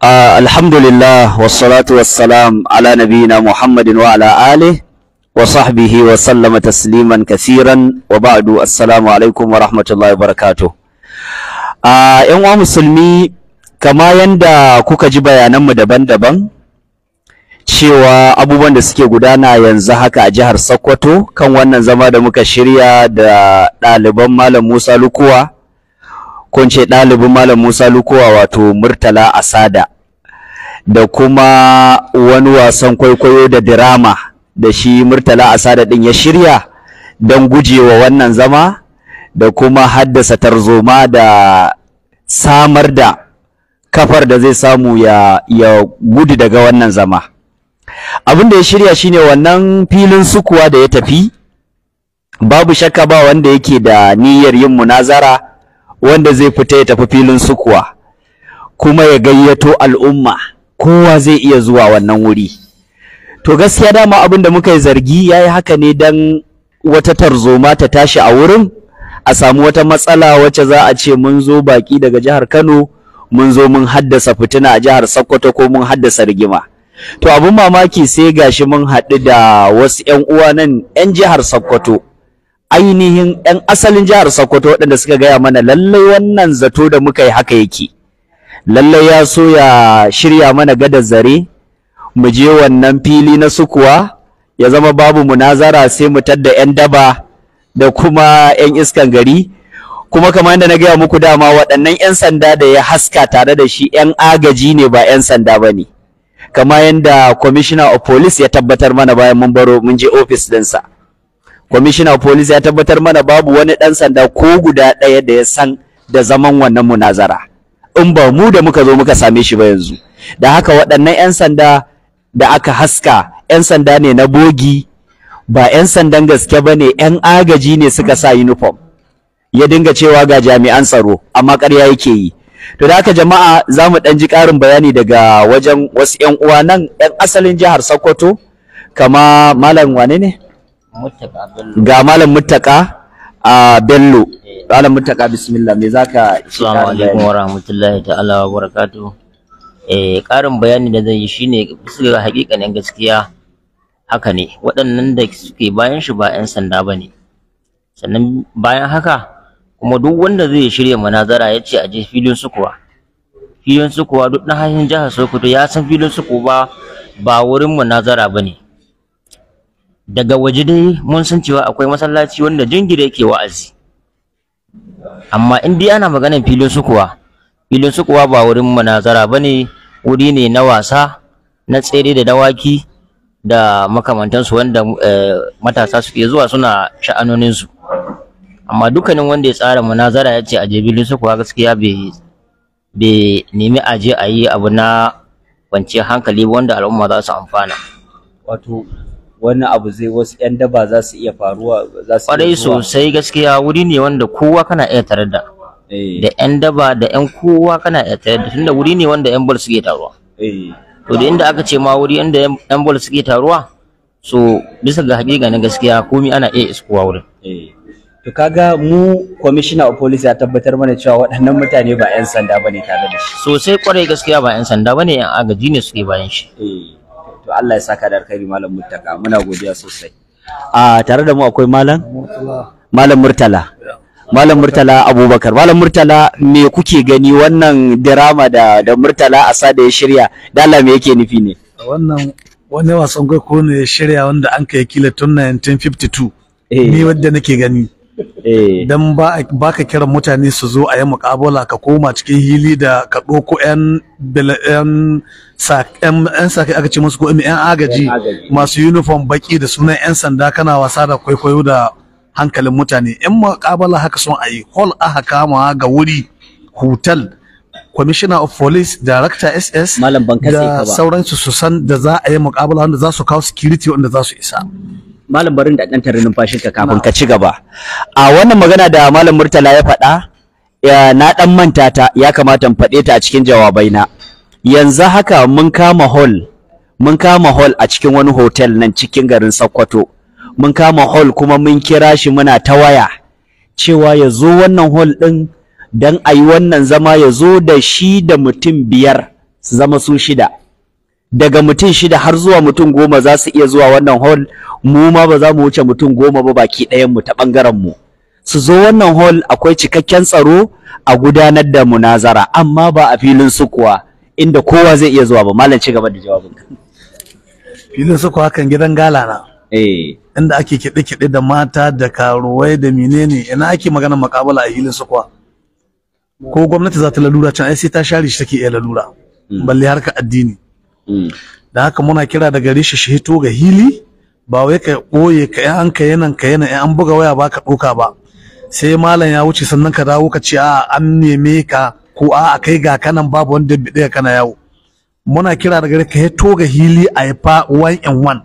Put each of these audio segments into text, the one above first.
alhamdulillah wassalatu wassalam ala nabiyina muhammadin wa ala alihi wa sahbihi wa sallama tasliman kathiran wa ba'du assalamu alaikum wa rahmatullahi wa barakatuh uh, yan uwa musulmi kama yanda kuka ji bayananmu daban-daban cewa abubuwan da suke gudana yanzu haka a jihar Sokoto kan wannan zama da muka shirya da ɗaliban Malam Musa Lukuwa ko ɗalibin malam Musa Lukowa wato Murtala Asada da kuma wani wasan kwaikwayo da dirama da shi Murtala Asada ɗin ya shirya don gujewa wannan zama da kuma haddasa tarzoma da samar da kafar da zai samu ya, ya gudu daga wannan zama abin da ya shirya shine wannan filin sukuwa da ya tafi babu shakka ba wanda yake da niyyar yin munazara wanda zai fita ya tafi filin sukuwa kuma ya gayyato al'umma kowa zai iya zuwa wannan wuri to gaskiya dama abin da muka yi zargi ya yi haka ne don wata tarzoma ta tashi a wurin a samu wata matsala wacce za a ce mun zo baki daga jihar kano mun zo mun haddasa fitina a jihar sokoto ko mun haddasa rigima to abin mamaki sai gashi mun haɗu da wasu 'yan uwa nan 'yan jihar sokoto ainihin 'yan asalin jihar Sokoto waɗanda suka gaya mana lallai wannan zato da muka yi haka yake lallai ya so ya shirya mana gadar zare mu je wannan fili na sukuwa ya zama babu munazara sai mu tadda 'yan daba da kuma 'yan iskan gari kuma kamar yadda na gaya muku dama waɗannan 'yan sanda da ya haska tare da shi 'yan agaji ne ba 'yan sanda ba ne kamar yadda commissioner of police ya tabbatar mana bayan mun baro mun je ofis ɗinsa. kwamishina police ya tabbatar mana babu wani ɗan sanda ko guda ɗaya da ya san da zaman wannan munazara in ba mu da muka zo muka same shi ba yanzu da haka waɗannan 'yan sanda da aka haska 'yan sanda ne na bogi ba 'yan sandan gaske ba ne 'yan agaji ne suka sa uniform ya dinga cewa ga jami'an tsaro amma ƙarya yake yi to da haka jama'a za mu ɗan ji ƙarin bayani daga wajen wasu 'yan uwa nan 'yan asalin jihar sokoto kama malam wane ne ga malam muttaka a bello eh. malam muttaka bismillah me zaka assalamu alaikum wa rahmatullahi ta'ala wa barakatuh eh karin bayani da zan yi shine bisa hakikanin gaskiya haka ne waɗannan da suke bayan shi ba 'yan sanda ba sannan bayan haka kuma duk wanda zai shirya munazara ya ce a je filin sukuwa filin sukuwa duk na hanyar jihar sokoto ya san filin sukuwa ba wurin munazara ba ne daga waje dai mun san cewa akwai masallaci wanda jingire yake wa'azi amma in dai ana maganar filin sukuwa filin sukuwa ba wurin manazara bane wuri ne na wasa na tsere da dawaki da makamantansu wanda eh, matasa suke zuwa suna sha'anonin su amma dukkanin wanda ya tsara munazara ya ce a je filin sukuwa gaskiya bai nemi aje a yi abu na kwanciyar hankali wanda al'umma za su amfana wato wani abu zai wasu yan daba za su iya faruwa za su kwarai sosai gaskiya wuri ne wanda kowa kana iya tare da eh. da yan daba da yan kowa kana iya tare da tunda wuri ne wanda yan bol suke taruwa eh. to da inda aka ce ma wuri inda yan bol suke taruwa so bisa ga hakika na gaskiya komi ana iya iskuwa wurin eh. to kaga mu commissioner of police ya tabbatar mana cewa waɗannan mutane ba 'yan sanda bane tare da shi sosai kwarai gaskiya ba 'yan sanda bane 'yan agaji ne suke bayan shi to Allah ya saka da alkhairi malam muttaka muna godiya sosai a tare da mu akwai malam malam murtala malam murtala abubakar malam murtala me kuke gani wannan drama da da murtala asa da ya shirya da Allah me yake nufi ne wannan wani wasan gwaiko ne ya shirya wanda an kai kila tun 1952 eh. ni wadda nake gani Eh. dan ba ka kiran mutane su zo a yi muƙabala ka koma cikin hili da ka ɗauko 'yan aka ce musu ko 'yan agaji masu uniform baki da sunan 'yan sanda kana wasa da kwaikwayo da hankalin mutane 'yan mukabala haka sun a yi hall aka kama ga wuri hotel commissioner of police director ss da sauransu su san da za a yi muƙabala wanda za su kawo security wanda za su isa malam barin da dan tarin numfashin ka kafin ka ci gaba a wannan magana da malam murtala ya faɗa na dan manta ta ya kamata in faɗe ta a cikin jawabai na yanzu haka mun kama hall mun kama hall a cikin wani hotel nan cikin garin Sokoto mun kama hall kuma mun kira shi muna ta waya cewa ya zo wannan hall din dan ayi wannan zama ya zo da shi da mutum biyar su zama su shida daga mutum shida har zuwa mutum goma za su iya zuwa wannan hall mu ma ba za mu wuce mutum goma ba baki ɗayan mu ta ɓangaren mu su zo wannan hall akwai cikakken tsaro a gudanar da munazara amma ba a filin sukuwa inda kowa zai iya zuwa ba malam ci gaba da jawabinka filin sukuwa kan gidan gala na eh inda ake kiɗe-kiɗe da mata da karuwai da menene ina ake magana makabala a filin sukuwa ko gwamnati za ta lalura can ai sai ta share shi take iya lalura hmm. balle harka addini Mm. da haka muna kira daga gare shi ga hili ba wai ka koye ka yan an ka yanan ka yanan an buga waya ba ka ɗoka ba sai malam ya wuce sannan ka dawo ka ce a an neme ka ko a kai ga kanan babu wanda ya kana yawo muna kira da gare ka hito ga hili a fa one and one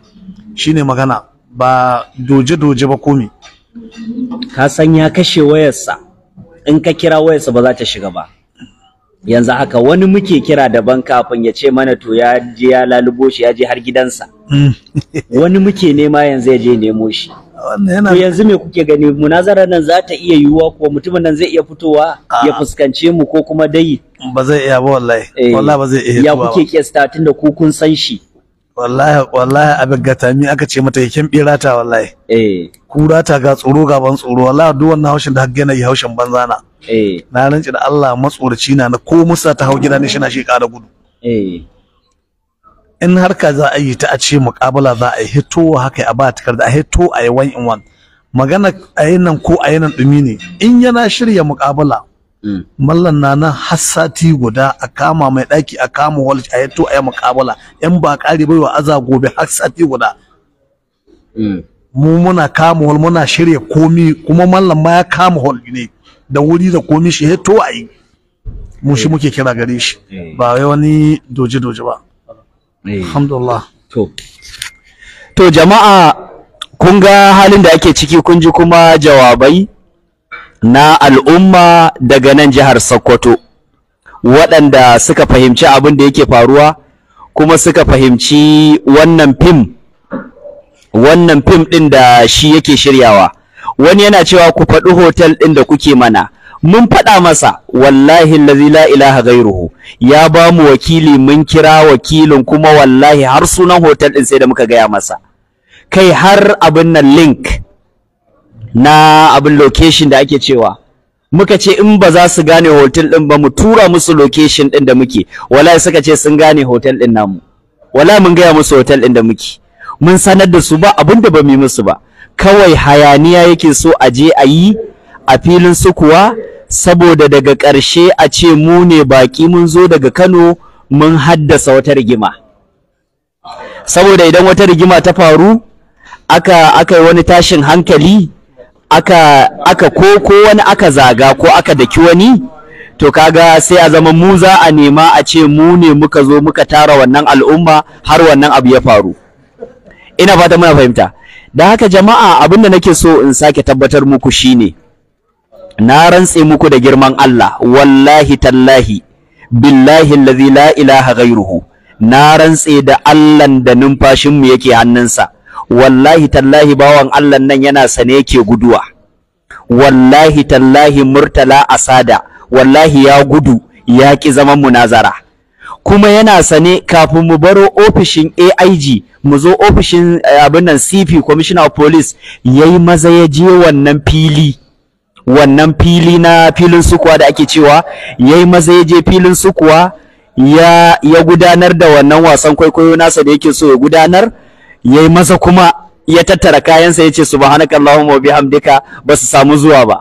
shine magana ba doje-doje ba komi. Ka san ya kashe wayarsa, in ka kira wayarsa ba za ta shiga ba. yanzu haka wani muke kira daban kafin ya ce mana to ya je ya lalubo shi ya je har gidansa hmm. wani muke nema yanzu ya je nemo shi to yanzu me kuke gani munazarar nan za ta iya yiwuwa ko mutumin nan zai iya fitowa ah. ya fuskance mu ko kuma dai ba zai iya ba wallahi eh. wallahi ba zai iya ya kuke kiyasta tunda ku kun san shi wallahi wallahi abin gatami aka ce mata yakin birata wallahi eh kurata ga tsoro gaban tsoro wallahi duk wannan haushin da hakka na yi haushin banza na eh na rantsi da Allah matsoraci na ko musa ta hau gida ne shi na shi ƙara gudu eh in harka za a yi ta a ce muqabala za a yi hito haka a ba takarda a hito a yi one in one magana a yi nan ko a yi nan dumi ne in yana shirya muqabala Mm. mallan na nan har sati guda a kama mai daki a kama wallet a yato a yi muƙabala yan ba ƙari bai wa aza gobe har sati guda mm. mu muna kama wal muna shirya komi kuma mallan ma ya kama hol ne da wuri da komi shi yato a yi mu shi eh. muke kira gare shi eh. ba wai wani doje doje ba eh. alhamdulillah to to jama'a kun ga halin da ake ciki kun ji kuma jawabai na al'umma daga nan jihar Sokoto waɗanda suka fahimci abin da yake faruwa kuma suka fahimci wannan fim wannan fim ɗin da shi yake shiryawa wani yana cewa ku faɗi hotel ɗin da kuke mana mun faɗa masa wallahi lazi la ilaha gairuhu ya ba mu wakili mun kira wakilin kuma wallahi har sunan hotel ɗin sai da muka gaya masa kai har abin nan link na abin location da ake cewa muka ce in ba za su gane hotel din ba mu tura musu location din da muke wallahi suka ce sun gane hotel din namu wallahi mun gaya musu hotel din da muke mun sanar da su ba abin da ba mu musu ba kawai hayaniya yake so a je a yi a filin su kuwa saboda daga ƙarshe a ce mu ne baƙi mun zo daga Kano mun haddasa wata rigima saboda idan wata rigima ta faru aka aka yi wani tashin hankali aka aka ko ko wani aka zaga ko aka daki wani to kaga sai a zama mu za a nema a ce mu ne muka zo muka tara wannan al'umma har wannan abu ya faru ina fata muna fahimta da haka jama'a abin da nake so in sake tabbatar muku shine na rantse muku da girman Allah wallahi tallahi billahi allazi la ilaha ghairuhu na rantse da Allah da numfashinmu yake hannunsa wallahi tallahi bawan Allah nan yana sane yake guduwa wallahi tallahi murtala asada wallahi ya gudu ya ki zaman munazara kuma yana sane kafin mu baro ofishin AIG mu zo ofishin eh, abin nan CP Commissioner of Police yayi maza ya je wannan fili wannan fili na filin sukuwa da ake cewa yayi maza ya je filin sukuwa ya ya gudanar da wannan wasan kwaikwayo nasa da yake so ya gudanar yayi masa kuma ya tattara kayansa ya ce subhanaka allahumma wa bihamdika ba su samu zuwa ba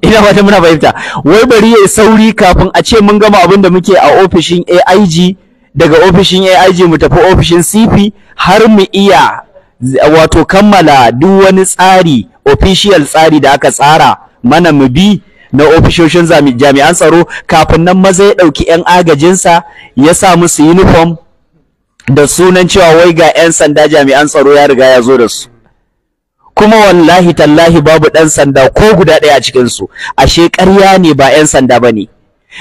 ina wata muna fahimta wai bari ya yi sauri kafin a ce mun gama abin da muke a ofishin AIG daga ofishin AIG mu tafi ofishin CP har mu iya wato kammala duk wani tsari official tsari da aka tsara mana mu bi na ofishoshin jami'an tsaro kafin nan maza ya ɗauki 'yan agajinsa ya sa musu uniform da sunan cewa wai ga 'yan sanda jami'an tsaro ya riga ya zo da su kuma wallahi tallahi babu ɗan sanda ko guda ɗaya a cikinsu ashe ƙarya ne ba 'yan sanda ba ne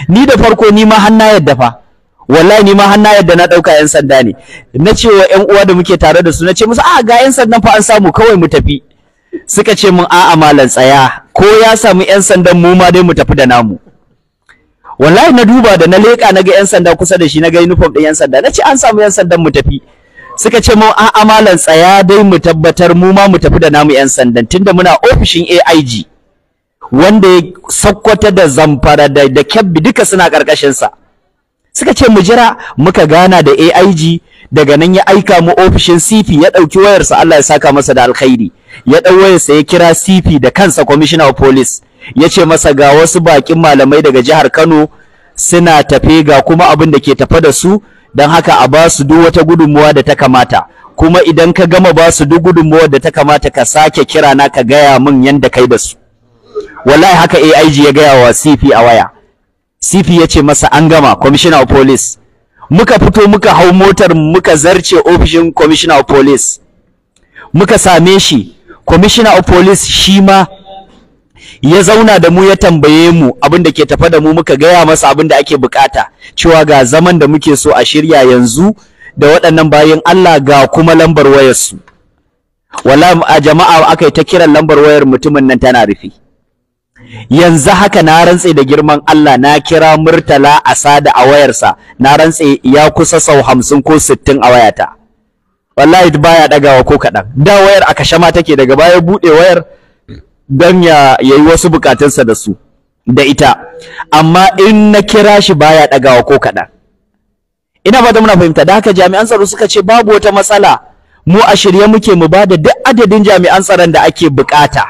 ni da farko ni ma har na yadda fa wallahi ni ma har yadda na ɗauka 'yan sanda ne na ce wa 'yan uwa da muke tare da su na ce musu a ah, ga 'yan sandan fa an samu kawai mu tafi suka ce mun a'a malam tsaya ko ya samu 'yan sandan mu ma dai mu tafi da namu wallahi na duba da na leƙa na ga 'yan sanda kusa da shi na ga uniform ɗin 'yan sanda na ce an samu 'yan sandan mu tafi suka ce mu a amalan tsaya dai mu tabbatar mu ma mu tafi da namu 'yan sandan tunda muna ofishin AIG wanda ya sakkwata da zamfara da, da kyabbi duka suna ƙarƙashinsa suka ce mu jira muka gana da AIG daga nan ya aika mu ofishin CP ya ɗauki wayarsa Allah ya saka masa da alkhairi ya ɗau wayarsa ya kira CP da kansa commissioner of police ya ce masa ga wasu bakin malamai daga jihar Kano suna tafe ga kuma abin da ke tafe da su don haka a ba su duk wata gudunmuwa da ta kamata kuma idan ka gama ba su duk gudunmuwar da ta kamata ka sake kira na ka gaya min yanda kai da su wallahi haka AIG ya gaya wa CP a waya CP ya ce masa an gama commissioner of police muka fito muka hau motar muka zarce ofishin commissioner of police muka same shi commissioner of police shi ma ya zauna da mu ya tambaye mu abin da ke tafa da mu muka gaya masa abin da ake bukata cewa ga zaman da muke so a shirya yanzu da waɗannan bayan Allah ga kuma lambar wayarsu wala a jama'a aka yi ta kiran lambar wayar mutumin nan tana rufe yanzu haka na rantse da girman Allah na kira murtala asada a wayarsa na rantse ya kusa sau hamsin ko sittin a wayata wallahi baya dagawa ko kaɗan da wayar a kashe take daga baya buɗe wayar don ya yi wasu bukatunsa da su da ita amma in na kira shi baya ɗagawa ko kaɗan ina fata muna fahimta da haka jami'an tsaro suka ce babu wata matsala mu a shirye muke mu ba da duk adadin jami'an tsaron da ake bukata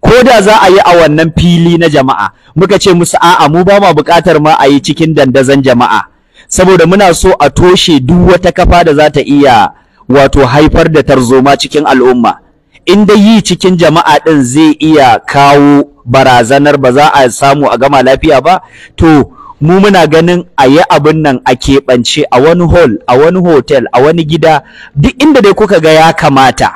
ko da za a yi a wannan fili na jama'a muka ce musu a'a mu ba ma bukatar ma a yi cikin dandazan jama'a saboda muna so a toshe duk wata kafa da za ta iya wato haifar da tarzoma cikin al'umma in dai yi cikin jama'a ɗin zai iya kawo barazanar ba za a samu a gama lafiya ba to mu muna ganin a yi abin nan a keɓance a wani hall a wani hotel a wani gida duk inda dai kuka ga ya kamata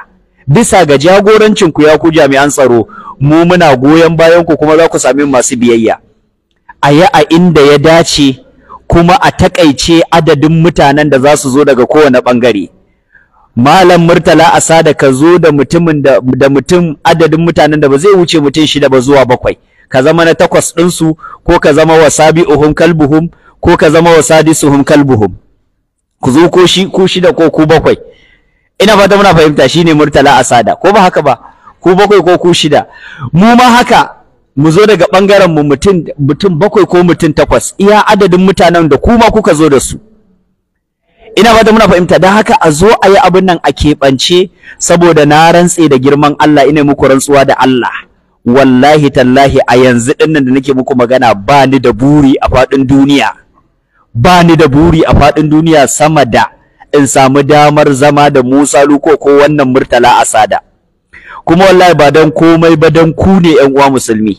bisa ga jagorancin ku ya ku jami'an tsaro mu muna goyon bayan ku kuma za ku sami masu biyayya a yi a inda ya dace kuma a takaice adadin mutanen da za su zo daga kowane ɓangare. malam murtala asa da ka zo da mutumin da, da mutum adadin mutanen da ba zai wuce mutum shida ba zuwa bakwai ka zama na takwas ɗinsu ko ka zama wa sabi'uhum kalbuhum ko ka zama wa sadisuhum kalbuhum ku zo ko shi ku shida ko ku bakwai ina fata muna fahimta shine murtala asada ko ba haka ba ku bakwai ko ku shida mu ma haka mu zo daga ɓangaren mu mutum bakwai ko mutum takwas iya adadin mutanen da kuma kuka zo da su ina fata muna fahimta don haka a zo a yi abin nan a keɓance saboda na rantse da girman Allah ina muku rantsuwa da Allah wallahi tallahi a yanzu din nan da nake muku magana ba ni da buri a faɗin duniya ba ni da buri a faɗin duniya sama da in samu damar zama da Musa Luko ko wannan Murtala Asada kuma wallahi ba don komai ba don ku ne ƴan uwa musulmi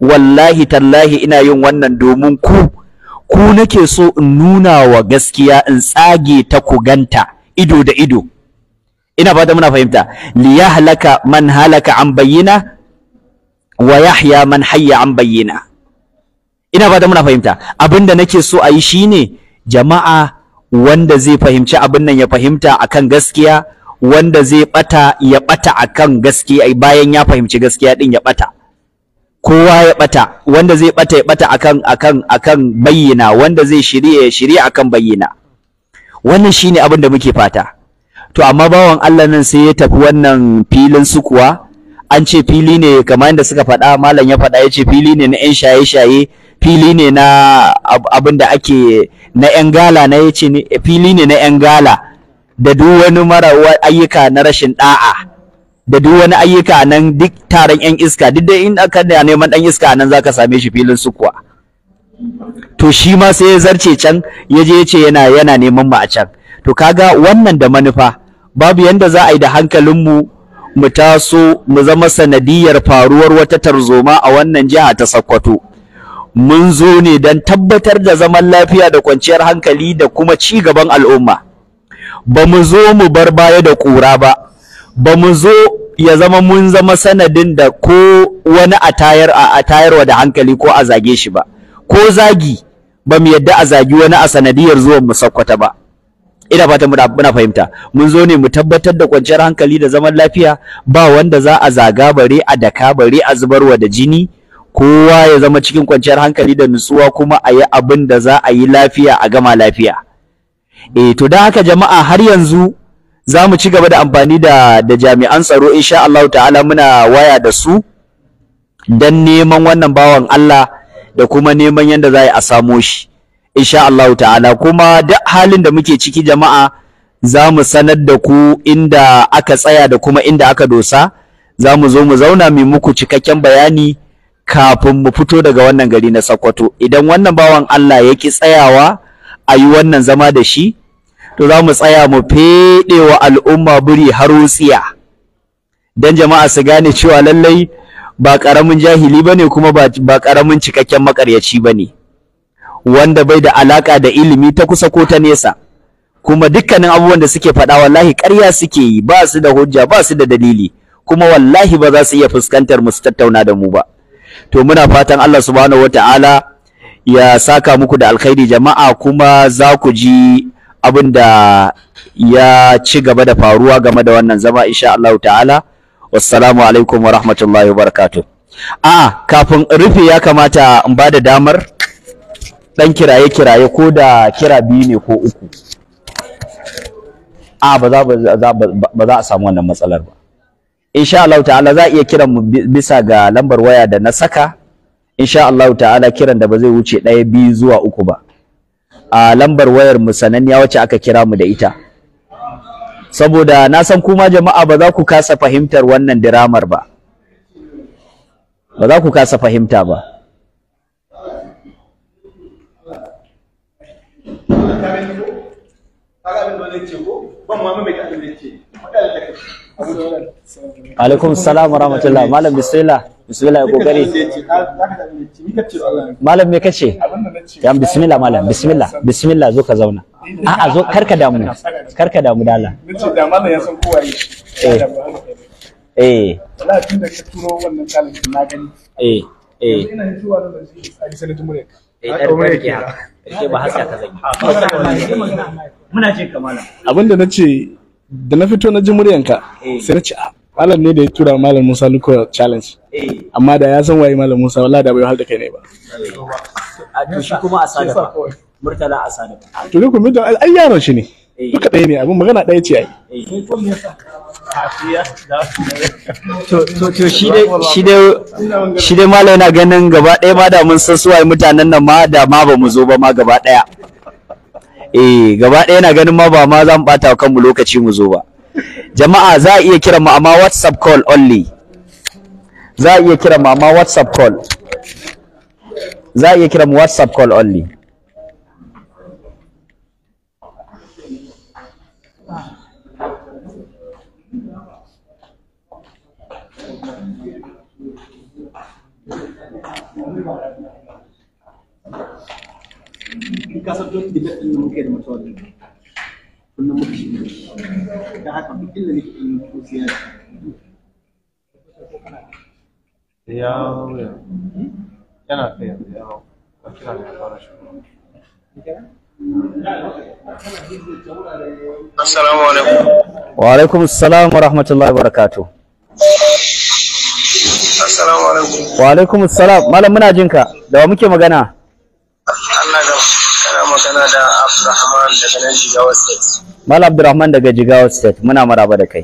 wallahi tallahi ina yin wannan domin ku ku nake so in nuna wa gaskiya in tsage ta kuganta ganta ido da ido ina fata muna fahimta li yahlaka man halaka an bayyina wa yahya man hayya an bayyina ina fata muna fahimta abinda nake so a yi shine jama'a wanda zai fahimci abin nan ya fahimta akan gaskiya wanda zai bata ya bata akan gaskiya bayan ya fahimci gaskiya din ya bata kowa ya bata wanda zai bata ya bata akan akan akan bayyana wanda zai shirye ya shirye akan bayyana wannan shine abin da muke fata to amma bawan Allah nan sai ya tafi wannan filin su kuwa an ce fili ne kamar yadda suka faɗa malam ya faɗa ya ce fili ne na 'yan shaye-shaye fili ne na abin da ake na 'yan gala na ya ce fili ne na 'yan gala da duk wani mara ayyuka na rashin ɗa'a da duk wani ayyuka nan duk taron yan iska duk da in aka da neman ɗan iska nan zaka same shi filin sukuwa to shi ma sai ya zarce can ya je ya ce yana yana neman mu a can to kaga wannan da manufa babu yanda za a yi da hankalinmu mu taso mu zama sanadiyar faruwar wata tarzoma a wannan jiha ta Sokoto mun zo ne don tabbatar da zaman lafiya da kwanciyar hankali da kuma ci gaban al'umma ba mu zo mu bar baya da ƙura ba ba mu zo ya zama mun zama sanadin da ko wani a tayar a tayarwa da hankali ko a zage shi ba ko zagi ba mu yadda a zagi wani a sanadiyar zuwan mu sakkwata ba ina fata muna fahimta mun zo ne mu tabbatar da kwanciyar hankali da zaman lafiya ba wanda za a zaga bare a daka bare a zubarwa da jini kowa ya zama cikin kwanciyar hankali da nutsuwa kuma a yi abin da za a yi lafiya a gama lafiya e to don haka jama'a har yanzu za mu ci gaba da amfani da da jami'an tsaro insha Allah ta'ala muna waya da su dan neman wannan bawan Allah da kuma neman yanda za a samo shi insha Allah ta'ala kuma duk halin da muke ciki jama'a za mu sanar da ku inda aka tsaya da kuma inda aka dosa za mu zo mu zauna mai muku cikakken bayani kafin mu fito daga wannan gari na Sokoto idan wannan bawan Allah ya ki tsayawa a yi wannan zama da shi to za mu tsaya mu feɗe wa al'umma buri har wutsiya don jama'a su gane cewa lallai ba ƙaramin jahili ba ne kuma ba ƙaramin cikakken maƙaryaci ba ne wanda bai da alaƙa da ilimi ta kusa ko ta nesa kuma dukkanin abubuwan da suke faɗa wallahi ƙarya suke yi ba su da hujja ba su da dalili kuma wallahi ba za su iya fuskantar mu su tattauna da mu ba to muna fatan Allah subhanahu wataala ya saka muku da alkhairi jama'a kuma za ku ji abin da ya ci gaba da faruwa game da wannan zama insha Allah ta'ala wassalamu alaikum wa rahmatullahi wa barakatuh a'a kafin rufe ya kamata in ba da damar dan kiraye kiraye ko da kira biyu ne ko uku a ba za ba za a samu wannan matsalar ba insha Allah ta'ala za a iya kiran mu bisa ga lambar waya da na saka insha Allah ta'ala kiran da ba zai wuce ɗaya biyu zuwa uku ba a lambar wayar mu sananniya wacce aka kira mu da ita saboda na san kuma jama'a ba za ku kasa fahimtar wannan diramar ba ba za ku kasa fahimta ba alaikum salam wa rahmatullah malam bismillah bismillah kokari malam me kace yan bismillah malam bismillah bismillah zo ka zauna a'a zo karka damu karka damu da Allah nace da malam ya san kowa eh. Eh. eh eh tunda na eh eh da na ce da na fito na ji eh. sai na ce ah, malam ne da ya tura malam Musa Luko challenge eh. amma da ya san waye malam Musa wallahi da bai halda kai ne ba a to shi kuma a ba murtala a ba to Luko murtala ai shi ne eh. duka ɗaya ne abin magana ɗaya ce ai eh. to shi dai shi dai shi dai malam yana ganin gaba ɗaya ma da mun san waye mutanen nan ma da ma ba mu zo ba ma gaba ɗaya eh gaba ɗaya yana ganin ma ba ma za mu ɓata kanmu lokaci mu zo ba jama'a za a iya kiran mu amma whatsapp call only za a iya kiran mu amma whatsapp call za a iya kiran mu whatsapp call only Because of the kullum da yi ne Assalamu alaikum. Wa rahmatullahi wa barakatuh. Assalamu alaikum. Wa alaikum assalam. Malam muna jinka. Da wa muke magana? Allah da kana magana da Abdulrahman daga nan Jigawa State. Mal Abdurrahman daga Jigawa State muna maraba da kai.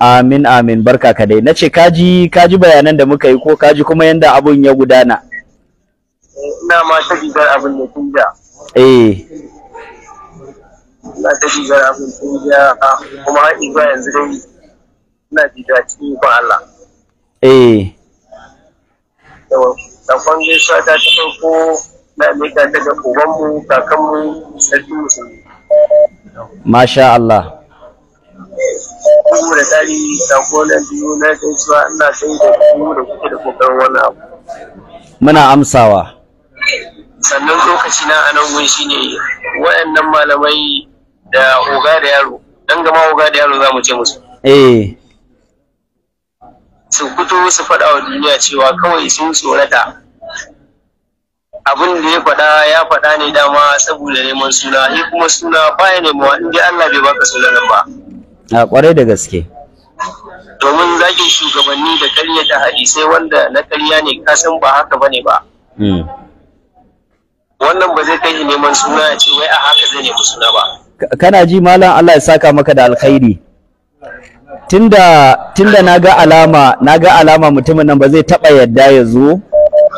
Amin amin barka ka dai. Nace kaji kaji bayanan da muka yi ko kaji kuma yanda abun ya gudana. Ina ma ta bigar abun ya ja. Eh. Ina ta bigar abun ja ah, kuma har izuwa yanzu dai ina jida cikin ikon Allah. Eh. Yawan, ta kwange ta farko miƙa masha Allah da biyu na muna amsawa sannan lokaci na anan gun ne, waɗannan malamai da oga da yaro ɗan gama oga da yaro za mu ce musu eh su fito su faɗa wa duniya cewa kawai sun tsorata abin da ya faɗa ya faɗa ne dama saboda neman suna shi kuma suna baya nemawa in dai Allah bai baka sunan ba a kwarai da gaske domin zagin shugabanni da karyata hadisai wanda na karya ne ka san ba haka bane ba hmm. wannan ba zai kai neman suna ya ce wai a haka zai nemi suna ba kana ji malam Allah ya saka maka da alkhairi tunda tunda naga alama naga alama mutumin nan ba zai taba yadda ya zo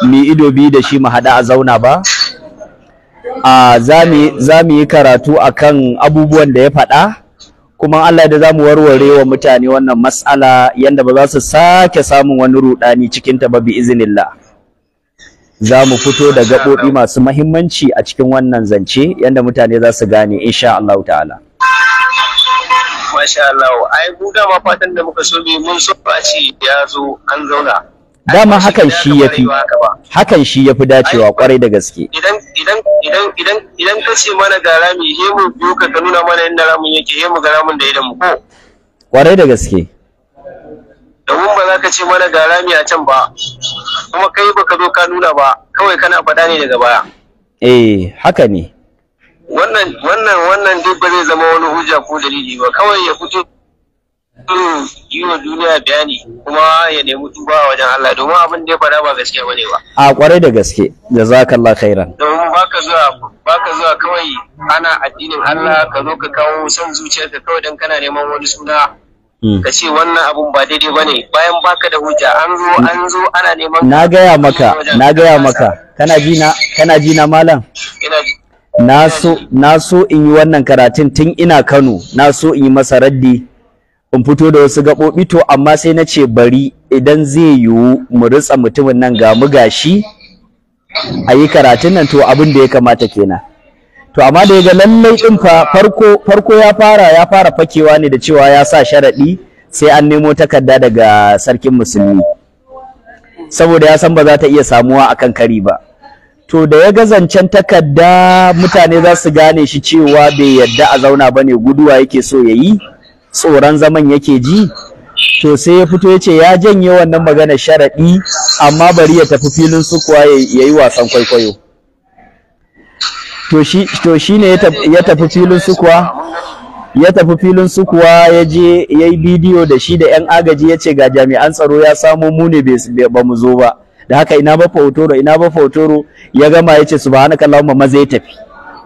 mi ido biyu da shi mu haɗa a zauna ba a za mu yi karatu akan abubuwan da ya faɗa kuma Allah da za mu warware wa mutane wannan matsala yadda ba za su sake samun wani ruɗani cikin ta ba bi izinillah za mu fito da gaɓoɓi masu mahimmanci a cikin wannan zance yadda mutane za su gane insha Allah ta'ala. Masha Allah, ai mu dama fatan da muka so mun so ya zo an zauna. dama hakan shi yafi hakan shi yafi dacewa kwarai da gaske idan idan idan idan idan ka ce mana ga rami he mu biyo ka ka nuna mana inda ramin yake he mu ga ramin da idan mu ko kwarai da gaske domin ba za ka ce mana ga rami a can ba kuma kai ba ka zo ka nuna ba kawai kana faɗa ne daga baya eh haka ne wannan wannan wannan duk ba zai zama wani hujja ko dalili ba kawai ya fito yi wa duniya bayani kuma ya nemi duba wajen Allah domin abin da ya faɗa ba gaskiya ne ba a kwarai da gaske da za Allah kairan. domin baka zuwa ka zuwa kawai ana addinin Allah ka zo ka kawo son ka kawai don kana neman wani suna hmm. ka ce wannan abun ba daidai ba ne, bayan ka da hujja an zo an zo ana neman na gaya maka na gaya maka kana ji na kana ji na malam ina ji na so in yi wannan karatun tun ina Kano na so in yi masa raddi in fito da wasu gaɓoɓi to amma sai na ce bari idan zai yiwu mu ritsa mutumin nan ga mu gashi a yi karatun nan to abin da ya kamata kenan to amma da ga lallai ɗin fa farko farko ya fara ya fara fakewa ne da cewa ya sa sharaɗi sai an nemo takarda daga sarkin musulmi saboda ya san ba za ta iya samuwa akan kari ba to da ya ga zancen takarda mutane za su gane shi cewa bai yadda a zauna bane guduwa yake so ya yi tsoron zaman yake ji to sai ya fito ya ce ya janye wannan magana sharaɗi amma bari ya tafi filin kuwa ya yi wasan kwaikwayo to shi ne ya tafi filin kuwa ya tafi filin kuwa ya je ya bidiyo da shi da 'yan agaji ya ce ga jami'an tsaro ya samo mu ne ba mu zo ba da haka ina ba fautoro ina ba fautoro ya gama ya ce subhanakallahumma maza ya tafi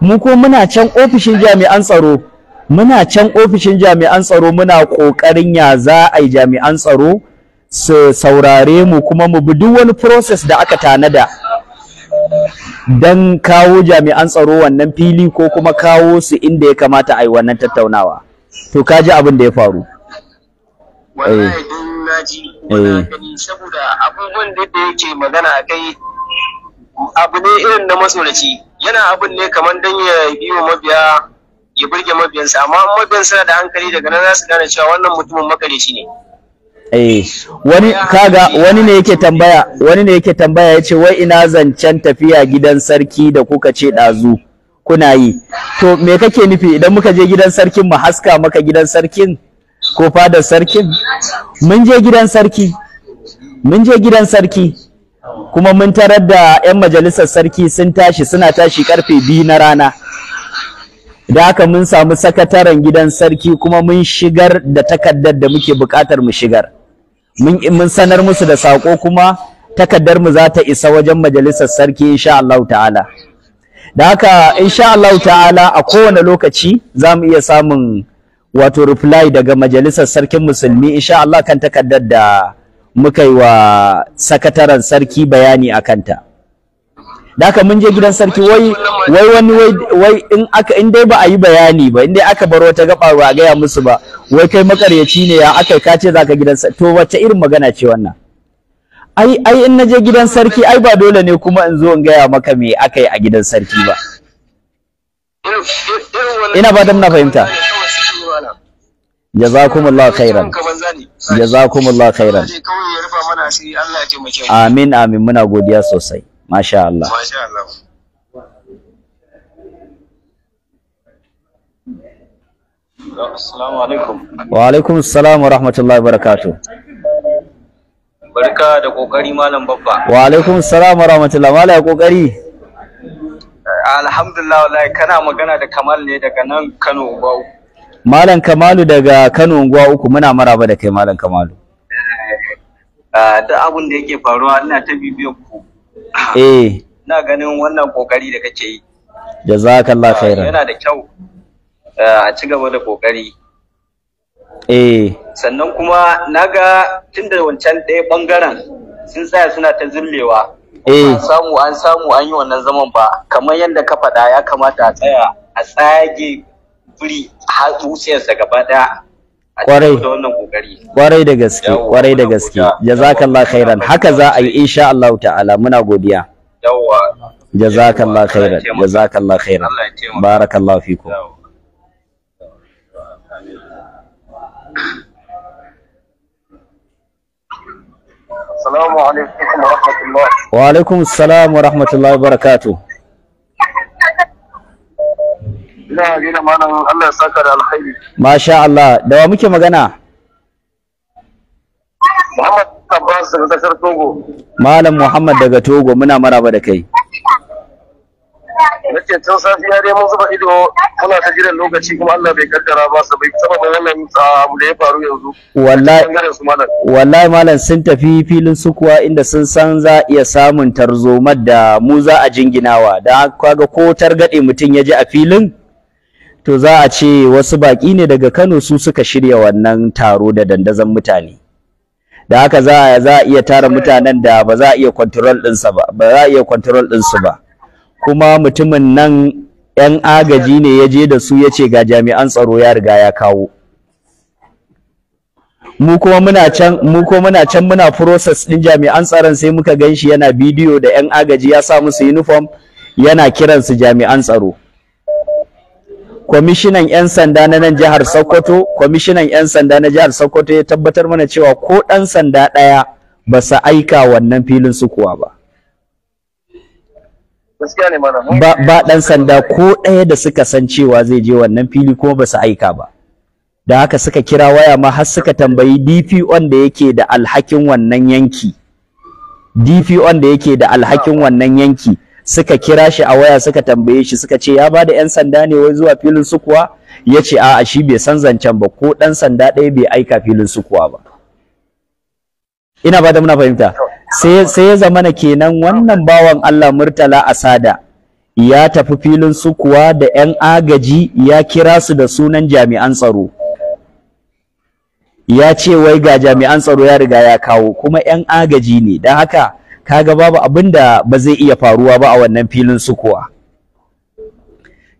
mu ko muna can ofishin jami'an tsaro muna can ofishin jami'an tsaro muna ƙoƙarin ya za a yi jami'an tsaro su saurare mu kuma mu bi duk wani process da aka tanada don kawo jami'an tsaro wannan fili ko kuma kawo su inda ya kamata a yi wannan tattaunawa to ka ji abin da ya faru eh. eh. saboda yake magana abu ne irin na masoraci yana abin ne kamar don ya biyo mabiya ya burge mabiyansa amma mabiyan suna da hankali daga nan za su gane cewa wannan mutumin makarici ne eh wani kaga wani ne yake tambaya wani ne yake tambaya yace wai ina zancen tafiya gidan sarki da kuka ce dazu kuna yi to me kake nufi idan muka je gidan sarkin mu haska maka gidan sarkin ko fadar sarkin mun je gidan sarki mun je gidan sarki kuma mun tarar da 'yan majalisar sarki sun tashi suna tashi karfe biyu na rana da haka mun samu sakataren gidan sarki kuma mun shigar da takaddar da muke buƙatar mu shigar mun sanar musu da sako kuma takaddar mu za ta isa wajen majalisar sarki insha Allah ta'ala da haka insha Allah ta'ala a kowane lokaci za mu iya samun wato reply daga majalisar sarkin musulmi insha Allah kan takaddar da muka yi wa sakataren sarki bayani a kanta da haka mun je gidan sarki wai wai wani wai wai in aka in dai ba a yi bayani ba in dai aka bar wata gaba ba a gaya musu ba wai kai makaryaci ne ya aka ka ce zaka gidan sarki to wace irin magana ce wannan ai ai in naje gidan sarki ai ba dole ne kuma in zo in gaya maka me aka yi a gidan sarki ba ina fata na fahimta jazakumullahu khairan jazakumullahu khairan amin amin muna godiya sosai masha Allah wa alaikum salam wa rahmatullahi barakatu barka da kokari malam babba wa alaikum salam wa rahmatullahi wa ya kokari eh, alhamdulillah wallahi kana magana da kamal ne daga nan kano gwau malam kamalu daga kano unguwa uku muna maraba da kai malam kamalu eh, eh, da abun da yake faruwa ina ta bibiyar ku eh na ganin wannan kokari da kake yi jazakallahu khairan yana da kyau eh, a ci gaba da kokari eh sannan kuma naga tunda wancan ɗaya bangaren sun tsaya suna ta zullewa eh samu an samu an yi wannan zaman ba kamar yadda ka faɗa ya kamata a tsaya a tsage buri har zuciyarsa gaba ɗaya kwarai kwarai da gaske kwarai da gaske jazakallah khairan haka za a yi insha Allah ta'ala muna godiya yawa jazakallah khairan jazakallah khairan barakallahu fikum Assalamu alaikum wa rahmatullah. Wa alaikum assalam wa rahmatullahi wa barakatuh. ina gina malam Allah ya saka da alkhairi masha Allah da wa muke magana Muhammad Abbas daga kasar Togo Malam Muhammad daga Togo muna maraba da kai Nace tun safiya dai mun zuba ido muna ta jiran lokaci kuma Allah bai kaddara ba su bai saboda wannan ah, abu da ya faru yanzu wallahi wallahi malam sun tafi filin sukuwa inda sun san za iya samun tarzomar da mu za a jinginawa da ga ko targade mutum ya je a filin to za a ce wasu baƙi ne daga Kano su suka shirya wannan taro da dandazon mutane da haka za a iya tara mutanen da ba za a iya control ɗinsa ba ba za a iya control ɗinsu ba kuma mutumin nan yan agaji ne ya je da su ya ce ga jami'an tsaro ya riga ya kawo mu kuma muna can mu kuma muna can muna process ɗin jami'an tsaron sai muka gan shi yana bidiyo da yan agaji ya sa musu uniform yana kiransu jami'an tsaro kwamishinan 'yan sanda na nan jihar sokoto kwamishinan 'yan sanda na jihar sokoto ya tabbatar mana cewa ko ɗan sanda ɗaya ba sa aika wannan filin sukuwa ba ba, ba ɗan sanda ko ɗaya da suka san cewa zai je wannan fili kuma ba su aika ba da haka suka kira waya ma har suka tambayi dpo da yake da alhakin wannan yanki dpo da yake da alhakin wannan yanki suka kira shi a waya suka tambaye shi suka ce ya ba da 'yan sanda ne wai zuwa filin sukuwa ya ce a'a shi bai san zancen ba ko ɗan sanda ɗaya bai aika filin sukuwa ba ina ba muna fahimta sai ya zamana kenan wannan bawan Allah murtala asada ya tafi filin sukuwa da 'yan agaji ya kira su da sunan jami'an tsaro ya ce wai ga jami'an tsaro ya riga ya kawo kuma 'yan agaji ne don haka kaga babu abin da ba zai iya faruwa ba a wannan filin sukuwa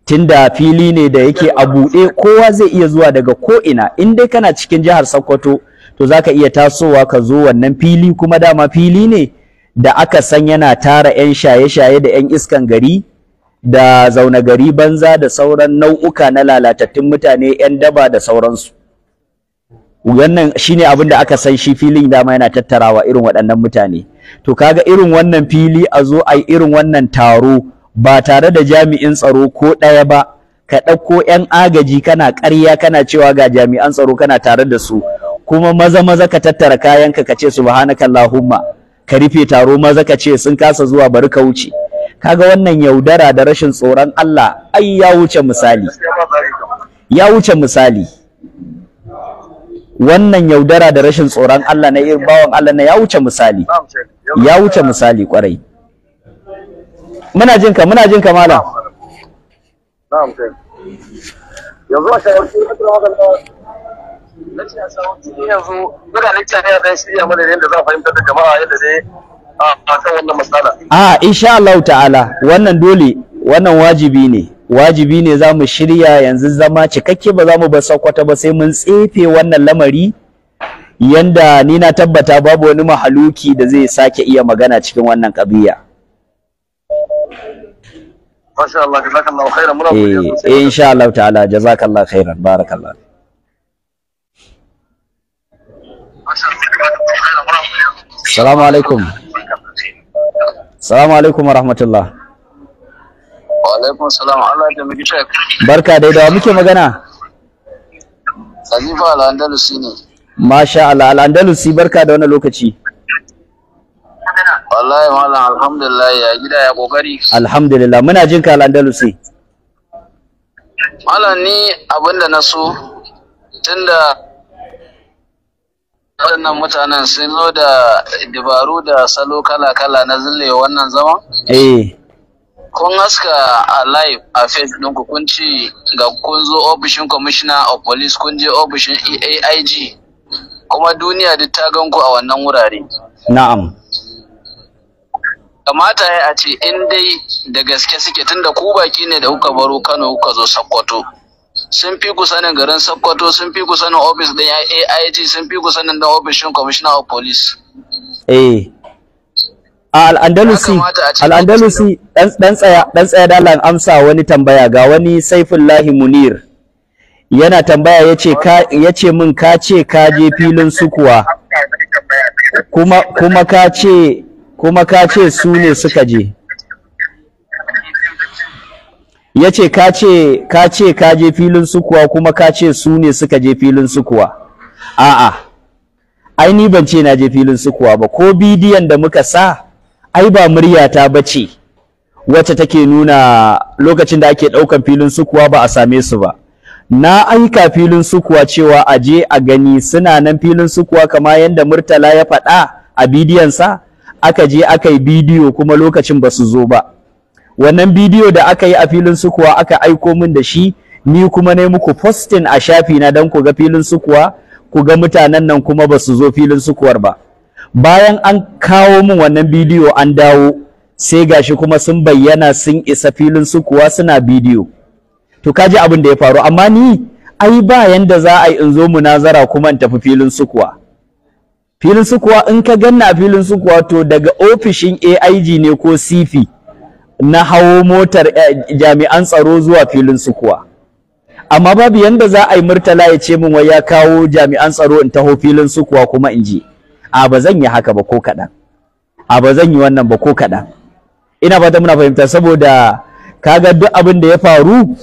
tunda fili ne da yake a buɗe kowa zai iya zuwa daga ko ina in dai kana cikin jihar Sokoto to zaka iya tasowa ka zo wannan fili kuma dama fili ne da aka san yana tara 'yan shaye-shaye da 'yan iskan gari da zaune gari banza da sauran nau'uka na lalatattun mutane 'yan daba da sauransu wannan shine abin da aka san shi filin dama yana tattarawa irin waɗannan mutane to kaga irin wannan fili a zo a yi irin wannan taro ba tare da jami'in tsaro ko ɗaya ba ka ɗauko 'yan agaji kana ƙarya kana cewa ga jami'an tsaro kana tare da su kuma maza maza ka tattara kayanka ka ce su allahumma ka rufe taro maza ka ce sun kasa zuwa bari ka wuce kaga wannan yaudara da rashin tsoron Allah ai ya wuce misali ya wuce misali wannan yaudara da rashin tsoron Allah na irin bawan Allah na ya wuce misali ya wuce misali kwarai muna jin ka muna jin ka malam na'am kai yanzu a shawarci da a kan wannan matsala ta'ala wannan dole wannan wajibi ne wajibi ne za mu shirya yanzu zama cikakke ba za mu bar sakwata ba sai mun tsefe wannan lamari yanda ni na tabbata babu wani mahaluki da zai sake iya magana cikin wannan kabiya Masha Allah, jazakallahu khairan. Muna godiya eh, sosai. Eh, insha Allah ta'ala, jazakallahu khairan. Barakallahu. Assalamu alaikum. Assalamu alaikum wa rahmatullah. Walaikun salam Allah da mu gishak. Barka dai da muke magana. Khalifa Al-Andalusi ne. Masha Allah Al-Andalusi barka da wannan lokaci. Wallahi malam alhamdulillah ya gida ya kokari. Alhamdulillah muna jin ka Al-Andalusi. Malam ni abinda na so tunda waɗannan mutanen sun zo da dabaru da salo kala-kala na zille wannan zaman? Eh. kun haska a live a face ɗinku kun ce ga kun zo ofishin commissioner of police kun je ofishin EAIG kuma duniya duk ta gan ku a wannan wurare. Na'am. Kamata ya a ce in dai da gaske suke tunda ku baki ne da kuka baro Kano kuka zo Sokoto. Sun fi ku sanin garin Sokoto, sun fi ku sanin ofis ɗin AIG, sun fi ku sanin da ofishin commissioner of police. Eh. a al'andalusi al'andalusi dan tsaya dan tsaya dalan amsa wani tambaya ga wani saifullahi munir yana tambaya yace ka yace min ka ce ka je filin sukuwa kuma kuma ka ce kuma ka ce su ne suka je yace ka ce ka ce ka je filin sukuwa kuma ka ce su ne suka je filin sukuwa a'a ai ni ban ce na je filin sukuwa ba ko bidiyon da muka sa ai ba muryata ba ce wacce take nuna lokacin da ake ɗaukan filin sukuwa ba a same su ba na aika filin sukuwa cewa a je a gani suna nan filin sukuwa kama yadda murtala ya faɗa a bidiyon sa, aka je aka yi bidiyo kuma lokacin ba su zo ba wannan bidiyo da aka yi a filin sukuwa aka aiko min da shi ni kuma ne muku posting a shafi na don ku ga filin sukuwa ku ga mutanen nan kuma ba su zo filin sukuwar ba bayan an kawo min wannan bidiyo an dawo sai gashi kuma sun bayyana sun isa filin su kuwa suna bidiyo to kaji abin da ya faru amma ni ai ba yanda za a yi in zo munazara kuma in tafi filin su kuwa filin su kuwa in ka ganna a filin su kuwa to daga ofishin AIG ne ko CP na hawo motar eh, jami'an tsaro zuwa filin su kuwa amma babu yanda za a yi murtala ya ce min wai ya kawo jami'an tsaro in taho filin su kuwa kuma in je a ba zan yi haka ba ko kaɗan a ba zan yi wannan ba ko kaɗan ina fata muna fahimta saboda kaga duk abin da ya faru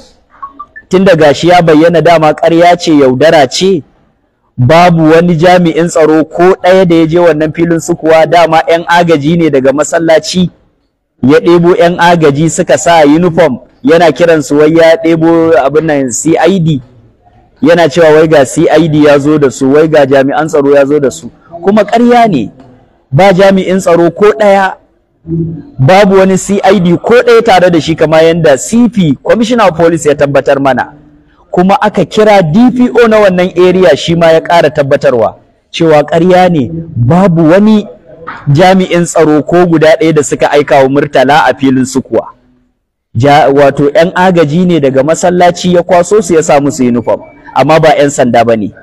tun da gashi ya bayyana dama ƙarya ce yaudara ce babu wani jami'in tsaro ko ɗaya da ya je wannan filin su kuwa. dama 'yan agaji ne daga masallaci ya ɗebo 'yan agaji suka sa uniform yana kiran su wai ya ɗebo abin nan CID yana cewa wai ga CID ya zo da su wai ga jami'an tsaro ya zo da su kuma ƙarya ne ba jami'in tsaro ko ɗaya babu wani CID ko ɗaya tare da shi kamar yadda CP Commissioner of Police ya tabbatar mana kuma aka kira DPO na wannan area shi ma ya ƙara tabbatarwa cewa ƙarya ne babu wani jami'in tsaro ko guda ɗaya da suka aika wa murtala a filin sukuwa ja, wato 'yan agaji ne daga masallaci ya kwaso su ya sa musu uniform amma ba 'yan sanda ba ne.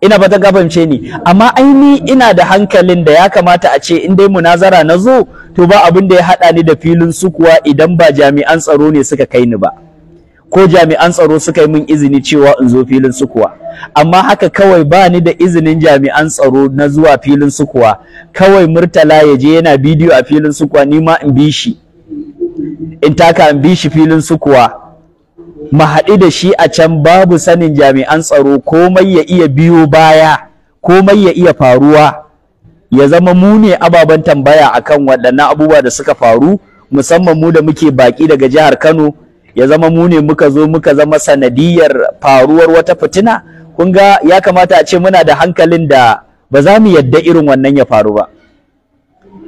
ina ba ta gabance ni amma aini ina da hankalin da ya kamata a ce in dai munazara na zo to ba abin da ya haɗa ni da filin su kuwa idan ba jami'an tsaro ne suka kai ni ba ko jami'an tsaro suka yi min izini cewa in zo filin su kuwa amma haka kawai ba ni da izinin jami'an tsaro na zuwa filin su kuwa kawai murtala ya je yana bidiyo a filin su kuwa ni ma in bi shi in taka in bi shi filin su kuwa mu haɗu da shi a can babu sanin jami'an tsaro komai ya iya biyo baya komai ya iya faruwa ya zama mu ne ababen tambaya akan waɗannan abubuwa da suka faru musamman mu da muke baki daga jihar Kano ya zama mu ne muka zo muka zama sanadiyar faruwar wata fitina kun ga ya kamata a ce muna da hankalin da ba za mu yadda irin wannan ya faru ba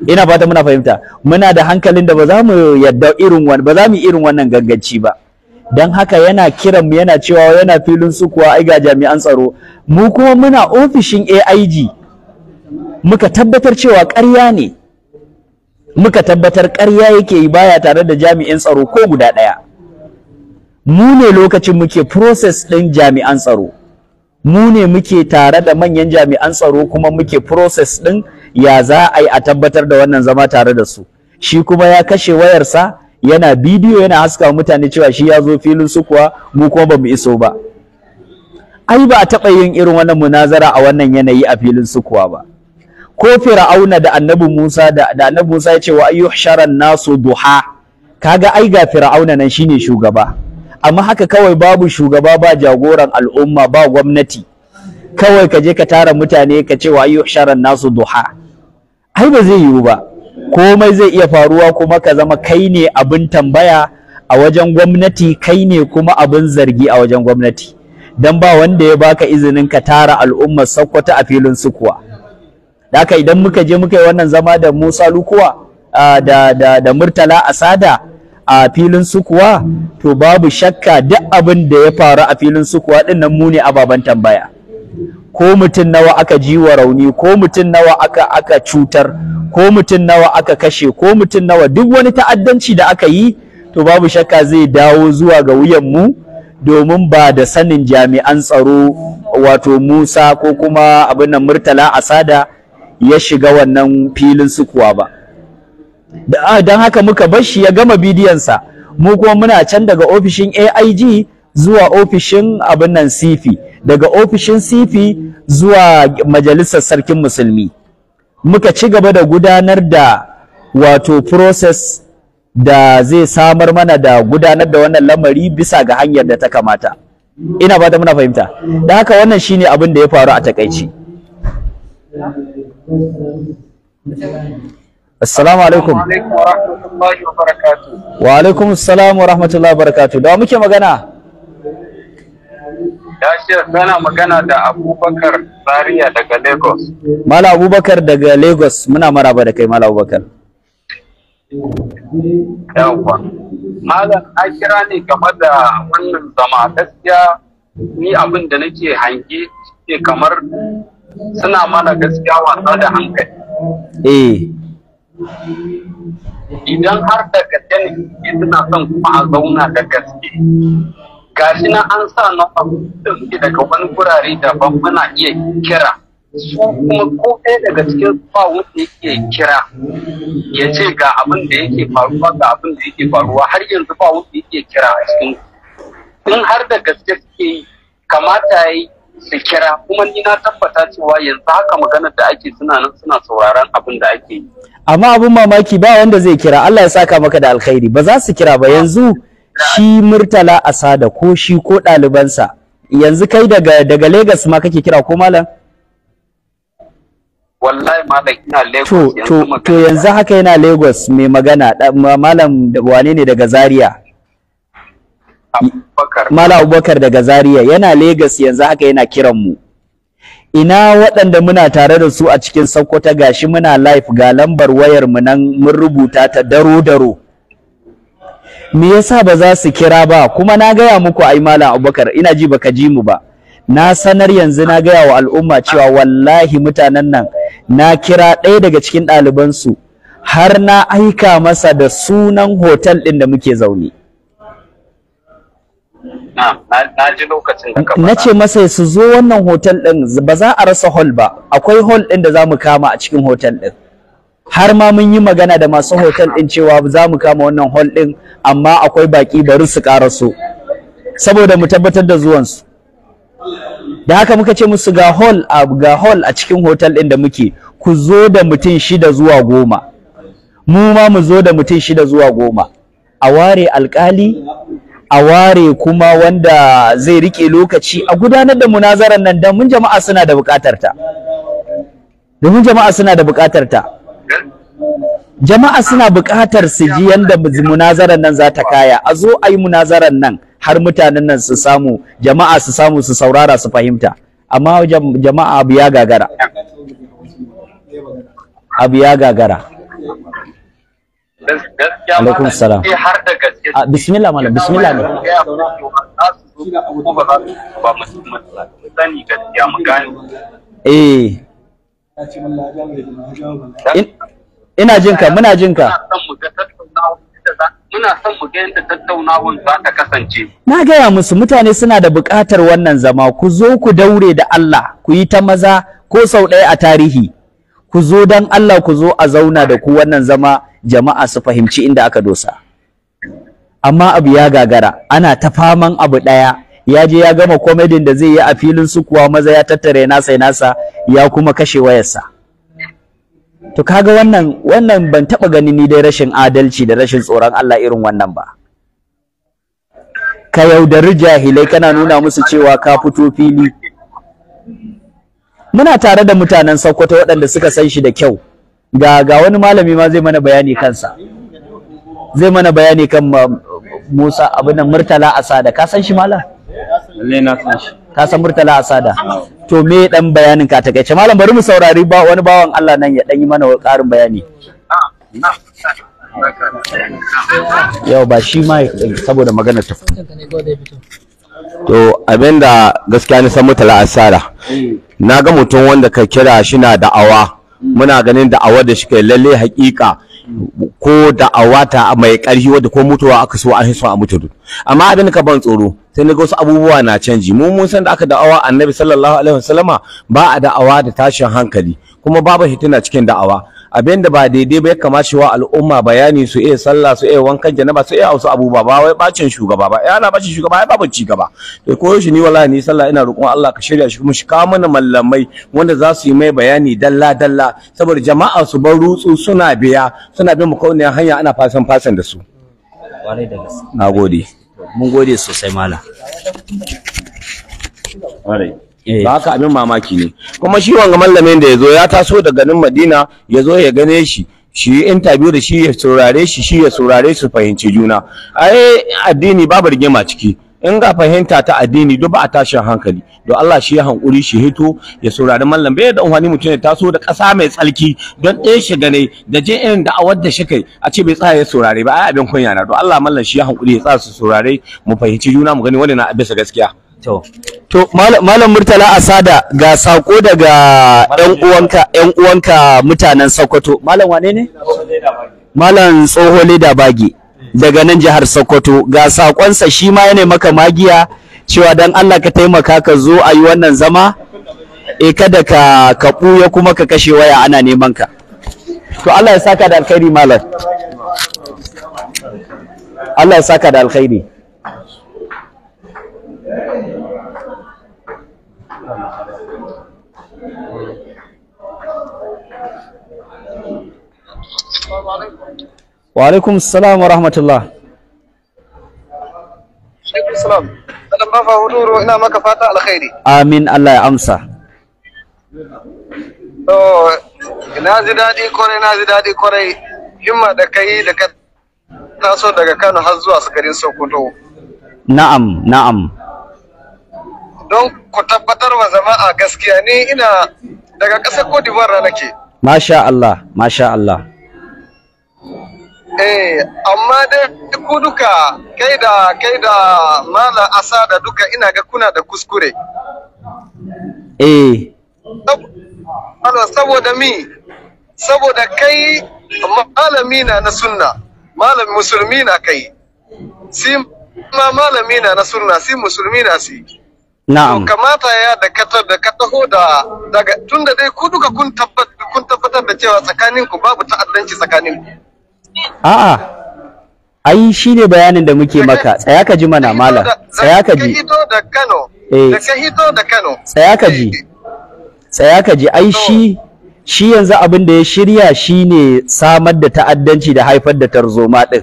ina fata muna fahimta muna da hankalin da ba za mu yadda irin wannan ba za mu irin wannan gaggaci ba don haka yana kiran mu yana cewa yana filin su kuwa ai ga jami'an tsaro mu kuma muna ofishin AIG muka tabbatar cewa ƙarya ne muka tabbatar ƙarya yake yi baya tare da jami'in tsaro ko guda ɗaya mu ne lokacin muke process ɗin jami'an tsaro mu ne muke tare da manyan jami'an tsaro kuma muke process ɗin ya za a yi a tabbatar da wannan zama tare da su shi kuma ya kashe wayarsa yana bidiyo yana haska mutane cewa shi ya zo filin su kuwa mu kuma ba mu iso ba ai ba a taɓa yin irin wannan munazara a wannan yanayi a filin su kuwa ba ko fir'auna da annabi Musa da, da annabi Musa ya ce wa ayyuhsharan nasu duha kaga ai ga fir'auna nan shine shugaba amma haka kawai babu shugaba ba jagoran al'umma ba gwamnati kawai ka je ka tara mutane ka ce wa ayyuhsharan nasu duha ai ba zai yiwu ba komai zai iya faruwa kuma ka zama kai ne abin tambaya a wajen gwamnati kai ne kuma abin zargi a wajen gwamnati don ba wanda ya baka izinin ka tara al'ummar sakkwata a filin sukuwa haka idan muka je muka yi wannan zama da musa lukuwa da, da, da murtala asada a filin sukuwa to babu shakka duk abin da ya faru a filin sukuwa ɗin nan mu ne ababen tambaya ko mutum nawa aka ji wa rauni ko mutum nawa aka aka cutar ko mutum nawa aka kashe ko mutum nawa duk wani ta'addanci da aka yi to babu shakka zai dawo zuwa ga wuyan mu domin ba da sanin jami'an tsaro wato Musa ko kuma abin nan Murtala Asada ya shiga wannan filin sukuwa ba ah, don haka muka bar shi ya gama bidiyonsa mu kuma muna can daga ofishin AIG zuwa ofishin abin nan sifi daga ofishin sifi zuwa majalisar sarkin musulmi muka ci gaba da gudanar da wato process da zai samar mana da gudanar da wannan lamari bisa ga hanyar da ta kamata ina ba ta muna fahimta da haka wannan shine abin da ya faru a takaici Assalamu alaikum. Wa alaikum assalam wa rahmatullahi wa barakatuh. Da muke magana? Bashir tana magana da Abubakar Zaria daga Lagos. Mala Abubakar daga Lagos muna maraba da kai Mala Abubakar. Yawwa. Malam na kira ne game da wannan zama gaskiya ni abin da nake hange ne kamar suna mana gaskiya wasa da hankali. Eh. Idan har daga gaske ne suna son kuma a zauna da gaske. gashi na an sa number da suke daga wani gurare daban muna iya kira su kuma ko ɗaya daga cikin ba wanda yake kira ya ce ga abin da yake faruwa ga abin da yake faruwa har yanzu ba wanda yake kira a cikin in har da gaske suke yi kamata ya yi su kira kuma ni na tabbata cewa yanzu haka maganar da ake suna nan suna sauraron abin da ake yi amma abin mamaki ba wanda zai kira Allah ya saka maka da alkhairi ba za su kira ba yanzu shi murtala asada ko shi ko ɗalibansa yanzu kai daga daga Legas ma kake kira ko malam wallahi malam ina Lagos to to to yanzu haka yana Lagos mai magana malam wane ne daga Zaria Malam Abubakar daga Zaria yana Lagos yanzu haka yana kiran mu ina waɗanda muna tare da su a cikin Sokoto gashi muna live ga lambar wayar mu nan mun rubuta ta daro daro me yasa ba za su kira ba kuma na gaya muku ai malam abubakar ina ji baka ji mu ba na sanar yanzu na gaya wa al'umma cewa wallahi mutanen nan na kira ɗaya daga cikin ɗalibansu har na aika masa da sunan hotel ɗin da muke zaune na ce masa su zo wannan hotel ɗin ba za a rasa hall ba akwai hall ɗin da za mu kama a cikin hotel ɗin har ma mun yi magana da masu hotel din cewa za mu kama wannan hall din amma akwai baki bari su ƙara so saboda mu tabbatar da zuwansu da haka muka ce musu ga hall a ga hall a cikin hotel din da muke ku zo da mutum shida zuwa goma mu ma mu zo da mutum shida zuwa goma a ware alkali a ware kuma wanda zai rike lokaci a gudanar da munazarar nan don mun jama'a suna da bukatar ta domin jama'a suna da bukatar ta jama'a suna buƙatar su ji yanda munazarar nan za ta kaya a zo a yi munazarar nan har mutanen nan su samu jama'a su samu su saurara su fahimta amma jama'a abu ya gagara abu ya gagara alaikum salam eh, ah, bismillah malam bismillah ne eh ina jin ka muna jin ka muna son mu ga yadda tattaunawar za ta kasance na gaya musu mutane suna da buƙatar wannan zama ku zo ku daure da Allah ku yi ta maza ko sau ɗaya a tarihi ku zo don Allah ku zo a zauna da ku wannan zama jama'a su fahimci inda aka dosa amma abu ya gagara ana ta faman abu ɗaya ya je ya gama komedin da zai yi a filin su kuwa maza ya tattare nasa nasa ya kuma kashe wayarsa to kaga wannan wannan ban taba ganin ni dai rashin adalci da rashin tsoron Allah irin wannan ba ka yaudari jahilai kana nuna musu cewa ka fito fili muna tare da mutanen Sokoto waɗanda suka san shi da kyau ga ga wani malami ma zai mana bayani kansa zai mana bayani kan Musa abin nan Murtala Asada ka san shi malam lalle na san shi ka san Murtala Asada to me dan bayanin ka takaice malam bari mu saurari ba wani bawan Allah nan ya dan yi mana karin bayani yau ba shi ma saboda magana ta to abinda gaskiya ni san mutala asara na ga mutum wanda ka kira shi na da'awa muna ganin da'awa da shi kai lalle haƙiƙa. ko da'awa mai ƙarfi wadda ko mutuwa aka so an son a mutu amma abin ka ban tsoro sai na ga wasu abubuwa na canji mu mun san da aka da'awa annabi sallallahu alaihi wasallama ba a da'awa da tashin hankali kuma babu hitina cikin da'awa abin da ba daidai ba ya kamata shi wa al'umma bayani su iya sallah su iya wankan janaba su iya wasu abubuwa ba wai bacin shugaba ba ya na bacin shugaba ya babu ci gaba to ko shi ni wallahi ni sallah ina roƙon Allah ka shirya shi kuma shi kawo mana mallamai wanda za su yi mai bayani dalla dalla saboda jama'a su bar rutsu suna biya suna bin makauniyar hanya ana fasan fasan da su kwarai da gaske nagode mun gode sosai mala Eh. ba haka abin mamaki ne kuma shi wanga mallamin da ya zo ya taso daga nan madina ya zo ya gane shi shi interview da shi ya saurare shi shi ya saurare su fahimci juna ai addini babu rigima ciki in ga fahimta ta addini duk ba a tashin hankali don Allah shi ya hankuri shi hito ya saurari mallam bai da unhani mutum ya taso da ƙasa mai tsalki don ɗaya shi gane da je irin da awar da shi kai a ce bai tsaya ya saurare ba ai abin kunya na don Allah mallam shi ya hankuri ya tsaya su saurare mu fahimci juna mu gani wani na bisa gaskiya to to malam murtala asada ga sako daga yan uwanka yan uwanka mutanen sokoto malam wane ne malam tsoho leda bagi daga nan jihar sokoto ga sakonsa shi ma yana maka magiya cewa dan Allah ka taimaka ka zo a yi wannan zama e kada ka ka buya kuma ka kashe waya ana neman ka to Allah ya saka da alkhairi malam Allah ya saka da alkhairi wa alaikum salam wa rahmatullah alaikum salam dan ba fa huduru ina amin Allah ya amsa daga Kano har zuwa sakarin na'am na'am don ku tabbatar wa a gaskiya ne ina daga ƙasar Cote d'Ivoire nake masha Allah masha Allah Eh, amma dai ku duka kai da kai da mala asa da duka ina ga kuna da kuskure. Eh. Alo, saboda mi, saboda kai malami na na sunna, malami musulmi na kai, si ma malami na na sunna, si musulmi na si. Na'am. kamata ya dakatar da ka taho da daga tunda dai ku duka kun tabbatar da cewa tsakanin ku babu ta'addanci tsakanin ku. A'a. Ai shi ne bayanin da muke maka. Tsaya ka ji mana malam. Tsaya ka ji. da Kano. Eh. Da ka hito da Kano. Tsaya ka ji. Eh. Tsaya ka ji. Ai shi shi yanzu abin da ya shirya shine samar da ta'addanci da haifar da tarzoma din.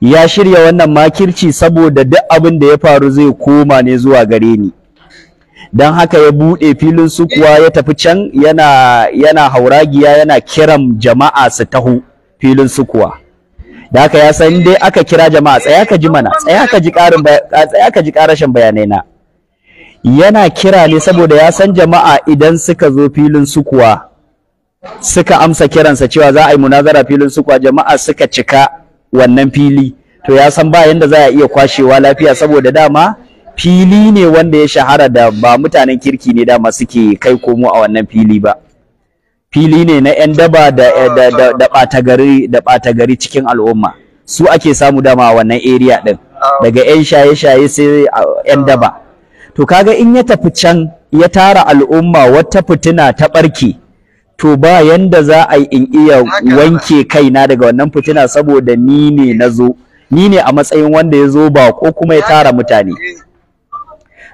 ya shirya wannan makirci saboda duk abin da ya faru zai koma ne zuwa gare ni don haka ya buɗe filin su kuwa ya tafi can yana yana hauragiya yana kiran jama'a su taho filin su kuwa da haka ya san dai aka kira jama'a tsaya ka ji mana tsaya ka ji karin tsaya ka ji ƙarashin bayanai na yana kira ne saboda ya san jama'a idan suka zo filin su kuwa suka amsa kiransa cewa za a yi munazara filin su kuwa jama'a suka cika wannan fili to ya san ba yanda za a iya kwashewa lafiya saboda dama fili ne wanda ya shahara da ba mutanen kirki ne dama suke kai komo a wannan fili ba fili ne na 'yan daba da ɓata gari da bata gari cikin al'umma su ake samu dama a wannan area ɗin daga 'yan shaye-shaye sai 'yan daba to kaga in ya tafi can ya tara al'umma wata fitina ta ɓarke to ba yanda za a yi in iya wanke kaina daga wannan fitina saboda ni ne na ni ne a matsayin wanda ya zo ba ko kuma ya tara mutane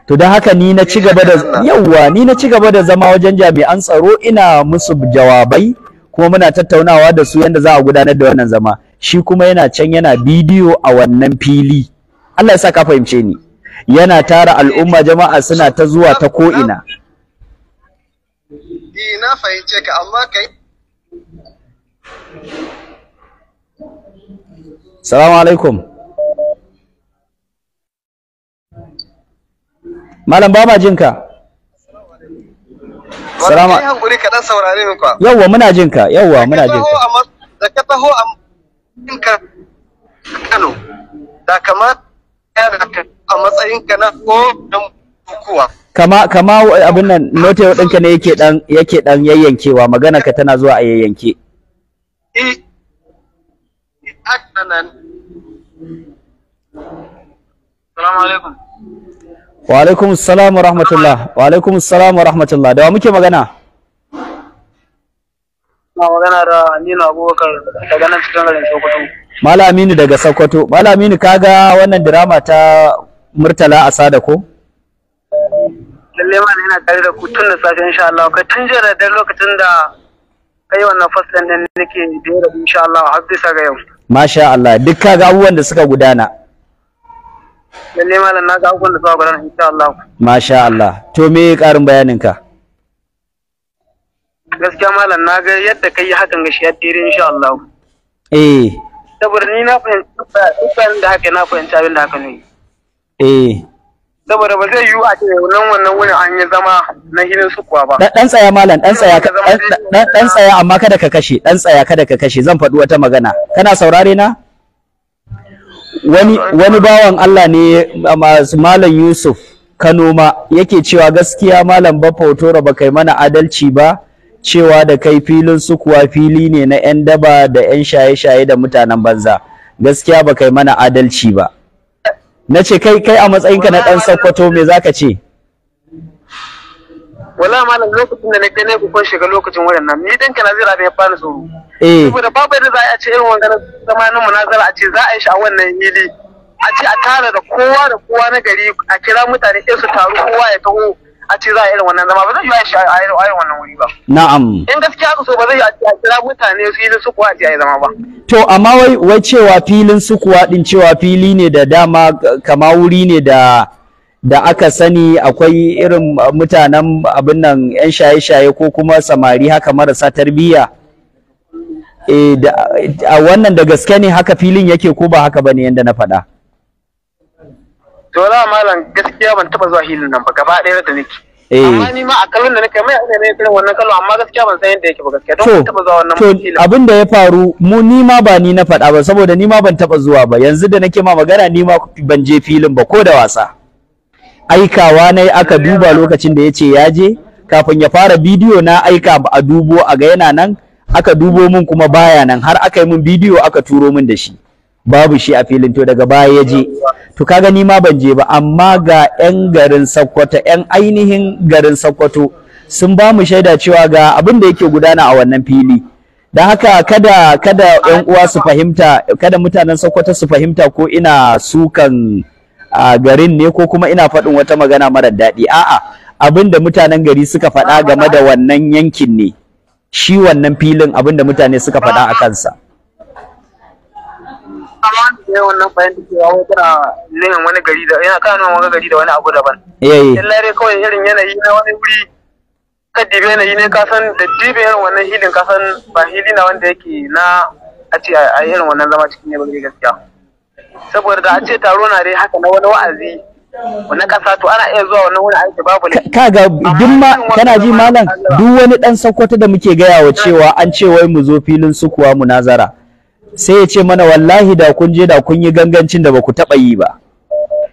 to don haka ni na ci gaba da yauwa ni na ci gaba da zama wajen jami'an tsaro ina musu jawabai kuma muna tattaunawa da su yanda za a gudanar da wannan zama shi kuma yana can yana bidiyo a wannan fili Allah ya sa ka fahimce ni yana tara al'umma jama'a suna ta zuwa ta ko'ina eh na fahimce ka amma kai Salamu alaikum Malam baba jinka Salama. Kai hankuri ka dan saurare min kwa. Yawwa muna jinka, Yawwa muna jinka. ka. Da ka taho a matsayin ka Kano. Da kamata ya da a matsayinka na ko dan kuwa. kama kama eh, abin nan note ɗinka ne yake dan yake dan yayyankewa magana ka tana zuwa a yayyanke eh Wa alaikum assalam wa rahmatullah. Wa alaikum assalam wa rahmatullah. Da wa muke magana? Na magana da Aminu Abubakar daga nan cikin garin Sokoto. Malam Aminu daga Sokoto. Malam Aminu kaga wannan dirama ta Murtala Asada ko? lalle ma yana tare da ku tun da safe insha Allah kai tun jira da lokacin da kai wannan first din da nake da da insha Allah har bisa ga yau masha Allah duk ga abubuwan da suka gudana lalle ma na ga abubuwan da suka gudana insha Allah masha Allah to me karin bayanin ka gaskiya malam na ga yadda kai hakan ga shi yaddere insha Allah eh saboda ni na fahimci da haka na fahimci abin da haka ne eh saboda ba zai yiwu a ce nan wannan wurin an yi zama na hidin sukuwa ba dan tsaya malam dan tsaya dan tsaya amma kada ka kashe dan tsaya kada ka kashe zan faɗi wata magana kana saurare na wani wani bawan Allah ne malam Yusuf Kano ma yake cewa gaskiya malam Baffa Otoro ba kai mana adalci ba cewa da kai filin sukuwa fili ne na 'yan daba da 'yan shaye-shaye da mutanen banza gaskiya ba kai mana adalci ba na ce kai kai a matsayinka na ɗan Sokoto me zaka ce wala malam lokacin da na je ne kun shiga lokacin waɗannan ni dan kana zira da ya bani tsoro eh saboda babu yadda za a ce irin wannan zamanin munazara a ce za a yi shi a wannan hili a ce a tara da kowa da kowa na gari a kira mutane sai su taru kowa ya taho a ce za a irin wannan zama ba zai yi shi a irin wannan wuri ba. Na'am. In gaskiya aka so ba zai yi a kira mutane filin sukuwa a yi zama ba. To amma wai wai cewa filin sukuwa din cewa fili ne da dama kama wuri ne da da aka sani akwai irin mutanen abin nan yan shaye-shaye ko kuma samari haka marasa tarbiyya. E, da, a wannan da gaske ne haka filin yake ko ba haka bane yanda na faɗa. to la malam gaskiya ban taba zuwa hilin nan ba gaba ɗaya da nake eh. amma ni ma a kallon da nake mai ana ne irin wannan kallon amma gaskiya ban san yadda yake ba gaskiya don taba zuwa wannan hilin abin da ya faru mu ni ma ba ni na faɗa ba saboda ni ma ban taba zuwa ba yanzu da nake ma magana ni ma ban je filin ba ko da wasa aikawa na aka duba lokacin da ya ce ya je kafin ya fara bidiyo na aika ba a dubo a ga yana nan aka dubo min kuma baya nan har aka yi min bidiyo aka turo min da shi babu shi a filin to daga baya ya je to kaga ni ma ban je ba amma ga 'yan garin Sokoto 'yan ainihin garin Sokoto sun ba mu shaida cewa ga abin da yake gudana a wannan fili don haka kada kada yan uwa su fahimta kada mutanen Sokoto su fahimta ko ina sukan a garin ne ko kuma ina faɗin wata magana mara daɗi a'a abin da mutanen gari suka faɗa game da wannan yankin ne shi wannan filin abin da mutane suka faɗa a kansa wani da yawan nan bayan dake yawo kana nihin wani gari da yana kana wani gari da wani abu daban yayi illa dai kawai irin yanayi na wani wuri ka dibe yanayi ne ka san da dibe irin wannan hilin ka san ba hili na wanda yake na a ce a irin wannan zama cikin ne bari gaskiya saboda a ce taro na dai haka na wani wa'azi wannan kasa to ana iya zuwa wannan wani aiki babu ne kaga duk ma kana ji malam duk wani dan sakkwato da muke gayawa cewa an ce wai mu zo filin sukuwa nazara. sai ya ce mana wallahi da kun je da kun yi gangancin da ba ku taɓa yi ba.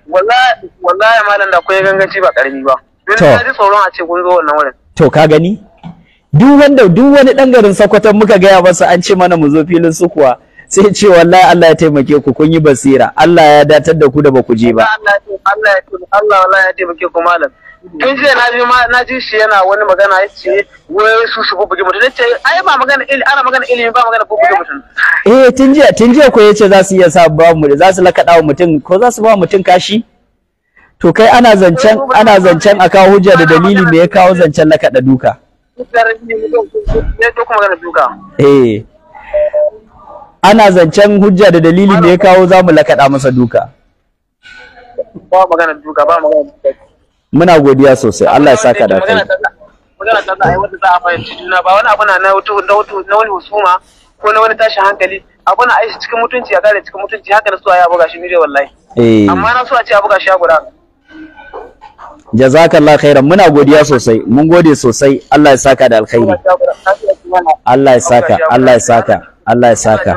Wallahi malam da kun yi ganganci ba ƙarami ba. To. Na ji tsoron a ce kun zo wannan wurin. To ka gani? Duk wanda duk wani ɗan garin Sokoton muka gaya masa an ce mana mu zo filin su kuwa sai ce wallahi Allah ya taimake ku kun yi basira Allah ya datar da ku da ba ku je ba. Allah ya taimake ku malam. tun jiya na ji na ji shi yana wani magana ya ce wai su su bubbuge mutum ce ai ba magana ilimi ana magana ilimi ba magana bubbuge mutum eh tun jiya tun jiya ko yace za su iya sa ba mu za su lakada wa mutum ko za su ba mutum kashi to kai ana zancen ana zancen a kawo hujja da dalili me ya kawo zancen lakada duka eh ana zancen hujja da dalili me ya kawo za mu lakada masa duka ba magana duka ba magana duka muna godiya sosai Allah ya saka da kai magana ta ai wanda za a fahimci juna ba wani abu na na wani husuma ko na wani tashin hankali abu na aishi cikin mutunci a gare cikin mutunci haka na so a yi abuga shi ni dai wallahi eh. amma na so a buga shi a guda jazakallah khairan muna godiya sosai mun gode sosai Allah ya saka da alkhairi Allah ya saka Allah ya saka Allah ya saka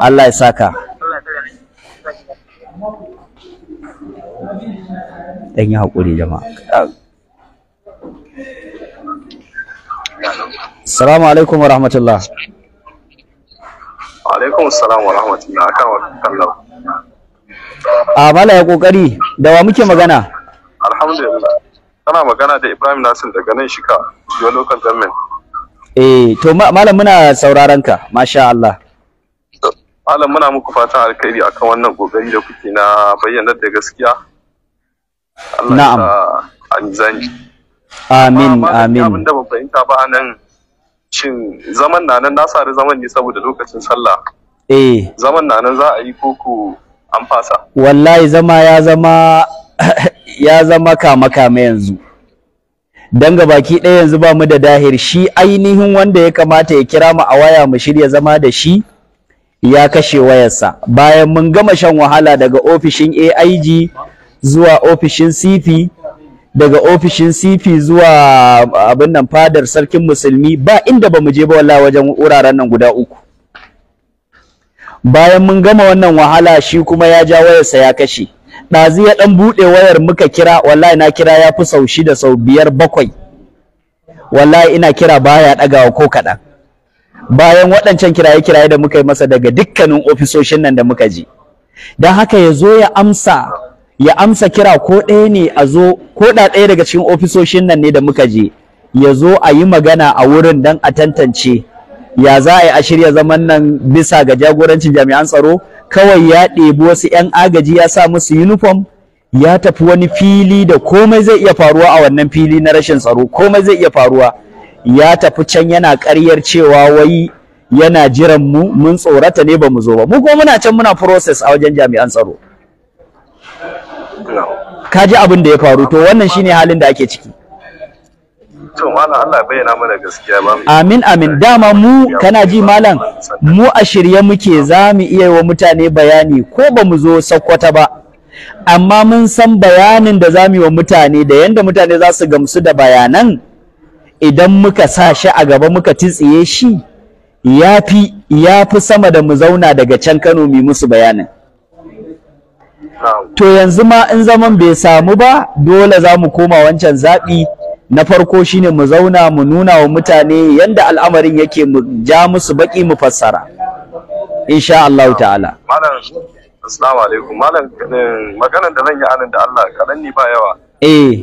Allah ya saka dan yi haƙuri jama'a Salamu alaikum wa rahmatullah. Wa alaikum salamu wa rahmatullah. Akan wa A mala ya kokari da wa muke magana? Alhamdulillah. Kana magana da Ibrahim Nasir daga nan shika your local government. Eh to malam muna sauraron ka masha Allah. Malam muna muku fatan alkhairi akan wannan kokari da kuke na bayyana da gaskiya na'am amin amin eh. a yi koko wallahi zama ya zama ya zama kama kama yanzu dan gabaki ɗaya yanzu ba mu da dahir shi ainihin wanda ya kamata ya kira mu a waya mu shirya zama da shi ya kashe wayarsa bayan mun gama shan wahala daga ofishin AIG zuwa ofishin CP daga ofishin CP zuwa uh, abin nan fadar sarkin musulmi ba inda ba mu je ba wallahi wajen wuraren nan guda uku bayan mun gama wannan wahala shi kuma ya ja wayarsa ya kashe ɗazu ya ɗan buɗe wayar muka kira wallahi na kira ya fi sau shida sau biyar bakwai wallahi ina kira baya ɗagawa ko kaɗan bayan waɗancan kiraye-kiraye da muka yi masa daga dukkanin ofisoshin nan da muka je don haka ya zo ya amsa ya amsa kira ko ɗaya ne a zo ko da ɗaya daga cikin ofisoshin nan ne da muka je ya zo a yi magana a wurin don a tantance ya za a yi a shirya zaman nan bisa ga jagorancin jami'an tsaro kawai ya ɗebi wasu 'yan agaji ya sa musu uniform ya tafi wani fili da komai zai iya faruwa a wannan fili na rashin tsaro komai zai iya faruwa ya tafi can yana ƙaryar cewa wai yana jiran mu mun tsorata ne ba mu zo ba mu kuma muna can muna process a wajen jami'an tsaro ka ji abin da ya faru to wannan shine halin da ake ciki to malam Allah bayyana mana gaskiya ba amin amin dama mu kana ji malam mu a shirye muke za mu iya wa mutane bayani ko ba mu zo sakkwata ba amma mun san bayanin da za mu yi wa mutane da yanda mutane za su gamsu da bayanan idan muka sa shi a gaba muka titsiye shi ya fi sama da mu zauna daga can Kano mu musu bayanin to yanzu ma in zaman bai samu ba dole za mu koma wancan zaɓi na farko shine mu zauna mu nuna wa mutane yanda al'amarin yake mu ja musu baki mu fassara insha Allah ta'ala malam assalamu alaikum malam maganar da zan yi anan da Allah kadan ne ba yawa eh, eh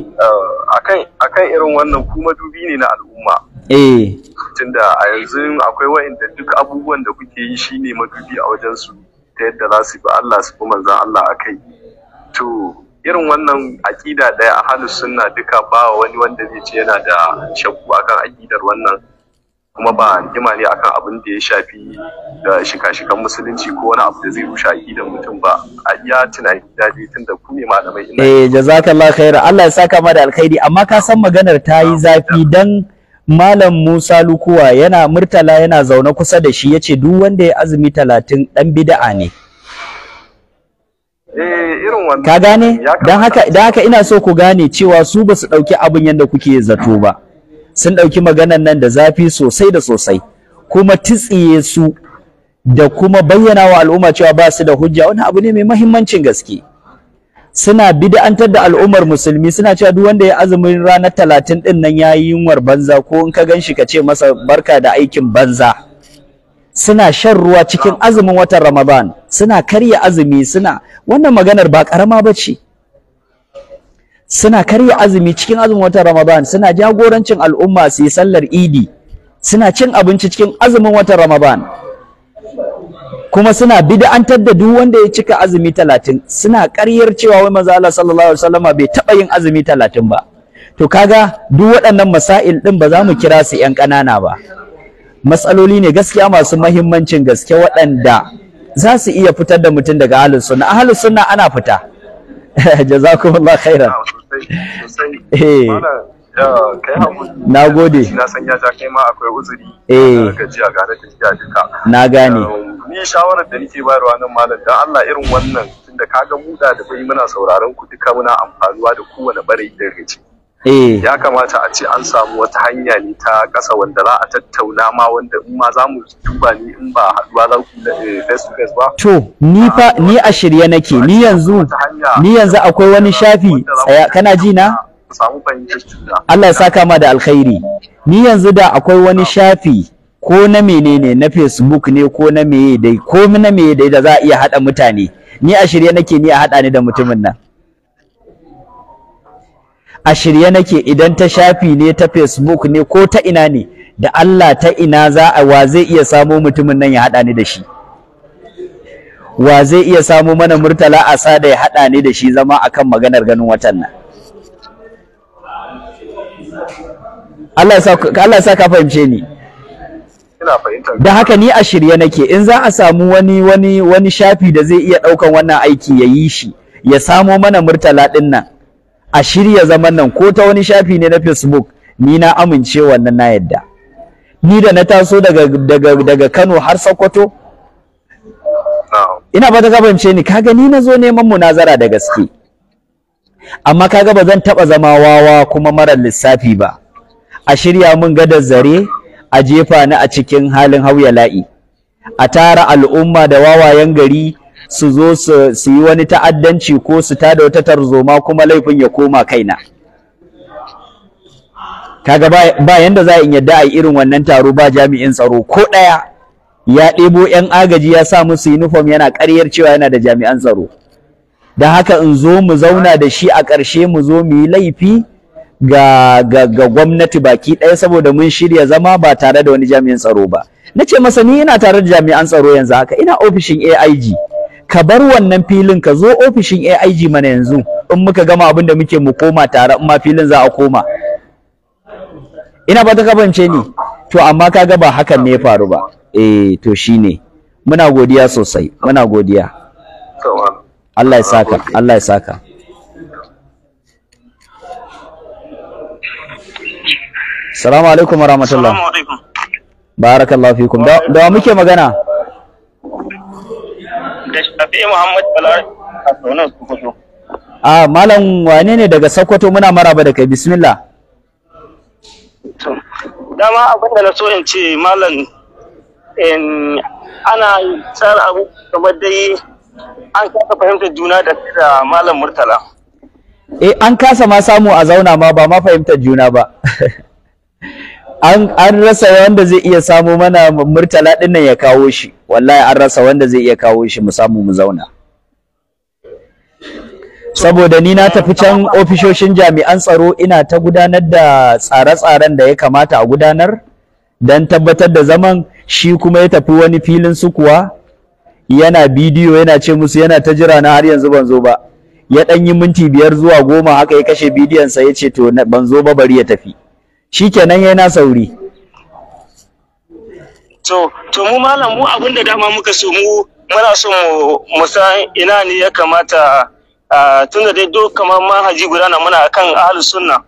akan akan irin wannan kuma dubi ne na al'umma eh tunda a yanzu akwai wa'inda duk abubuwan da kuke yi shine madubi a wajen su ta yadda za su bi Allah su kuma zan Allah a kai to irin wannan aƙida ɗaya a halin sunna duka ba wani wanda zai ce yana da shakku akan aƙidar wannan kuma ba jima ne akan abin da ya shafi da shika-shikan musulunci ko wani abu da zai rushe aƙidar mutum ba a iya tunani daji tun da ku ne malamai ina eh jazakallah khairu Allah ya saka ma da alkhairi amma ka san maganar ta yi zafi dan Malam Musa Lukuwa yana murtala yana zaune kusa da shi yace duk wanda ya azumi 30 dan bid'a ne. Eh, Ka gane? Don haka don haka ina so ku gane cewa su ba su dauki abin yanda kuke zato ba. Sun ɗauki maganar nan da zafi sosai da sosai. Kuma titsiye su da kuma bayyana wa al'umma cewa ba su da hujja wani abu ne mai mahimmancin gaske. suna bid'antar da al'ummar musulmi suna cewa duk wanda ya azumin ranar talatin din nan ya yi yunwar banza ko in ka gan shi ka ce masa barka da aikin banza suna shan ruwa cikin azumin watan ramadan suna karya azumi suna wannan maganar ba karama ba ce suna karya azumi cikin azumin watan ramadan suna jagorancin al'umma su yi sallar idi suna cin abinci cikin azumin watan ramadan kuma suna bid'antar da duk wanda ya cika azumi talatin suna ƙaryar cewa wai manzo Allah sallallahu alaihi wasallama bai taɓa yin azumi talatin ba to kaga duk waɗannan masail ɗin ba za mu kira su ƴan ƙanana ba matsaloli ne gaskiya masu mahimmancin gaske waɗanda za su iya fitar da mutum daga ahlus sunna ahlus sunna ana fita jazakumullahu khairan eh na gode na san ya ja kai ma akwai uzuri eh gajiya ga rashin jiya duka na gane um, ni shawarar da nake bayarwa nan malam dan Allah irin wannan tunda kaga muda da bai muna sauraron ku duka muna amfanuwa da kowane barayi da gaji eh ya kamata a ce an samu wata hanya ne ta kasa wanda za a tattauna ma wanda in ma zamu duba ni in ba haduwa za ku da eh, face to face ba to ni fa ni a shirye nake ni yanzu ni yanzu akwai wani shafi tsaya kana ji na samu fahimtar juna Allah ya saka ma da alkhairi ni yanzu da akwai wani shafi ko na menene na Facebook ne ko na meye dai ko na meye dai da za a iya hada mutane ni a shirye nake ni a hada ni da mutumin nan a shirye nake idan ta shafi ne ta Facebook ne ko ta ina ne da Allah ta ina za a wa zai iya samo mutumin nan ya hada ni da shi wa zai iya samo mana murtala a sada ya hada ni da shi zama akan maganar ganin watan nan Allah ya sa ka fahimce ni da haka ni a shirye nake in za a samu wani wani wani shafi da zai iya ɗaukan wannan aiki ya yi shi ya samo mana murtala ɗin nan a shirya zaman nan ko ta wani shafi ne na facebook ni na amince wannan na yadda ni da na taso daga daga daga kano har sokoto ina ba ta fahimce ni kaga ni na zo neman munazara da gaske amma kaga ba zan taɓa zama wawa kuma mara lissafi ba a shirya mun gadar zare a jefa ni a cikin halin hauya la'i a tara al'umma da wawayen gari su zo su yi wani ta'addanci ko su tada wata tarzoma kuma laifin ya koma kaina kaga ba yanda za in yadda a yi irin wannan taro ba jami'in tsaro ko ɗaya ya ɗebo 'yan agaji ya sa musu uniform yana ƙaryar cewa yana da jami'an tsaro da haka in zo mu zauna da shi a ƙarshe mu zo mu yi laifi ga, ga, ga gwamnati baki ɗaya saboda mun shirya zama ba tare da wani jami'in tsaro ba na ce masa ni ina tare da jami'an tsaro yanzu haka ina ofishin AIG ka bar wannan filin ka zo ofishin AIG mana yanzu in muka gama abin da muke mu koma tare in ma filin za a koma ina ba ta kabance ni to amma kaga ba hakan ne ya faru ba eh to shine muna godiya sosai muna godiya Allah ya saka Allah ya saka Salamu alaikum wa rahmatullah. Salamu alaikum. Barakallahu fikum. Da wa muke magana? Da Shafi Muhammad Balari a Sokoto. A malam wane ne daga Sokoto muna maraba da kai bismillah. Dama abin da na so in ce malam in ana tsara abu kamar dai an kasa fahimtar juna da malam Murtala. Eh an kasa ma samu a zauna ma ba ma fahimtar juna ba. an rasa wanda zai iya samu mana murtala din ya kawo shi wallahi an rasa wanda zai iya kawo shi mu samu mu zauna saboda ni na tafi can ofishoshin jami'an tsaro ina ta gudanar da tsare-tsaren da ya kamata a gudanar don tabbatar da zaman shi kuma ya tafi wani filin su kuwa yana bidiyo yana ce musu yana ta jira na har yanzu ban zo ba ya ɗan yi minti biyar zuwa goma haka ya kashe bidiyonsa ya ce to ban zo ba bari ya tafi shikenan yayi na sauri to to mu malam mu abin da dama muka so mu muna so mu san ina ne ya kamata tunda dai duk kamar manhaji guda na muna kan ahlus sunna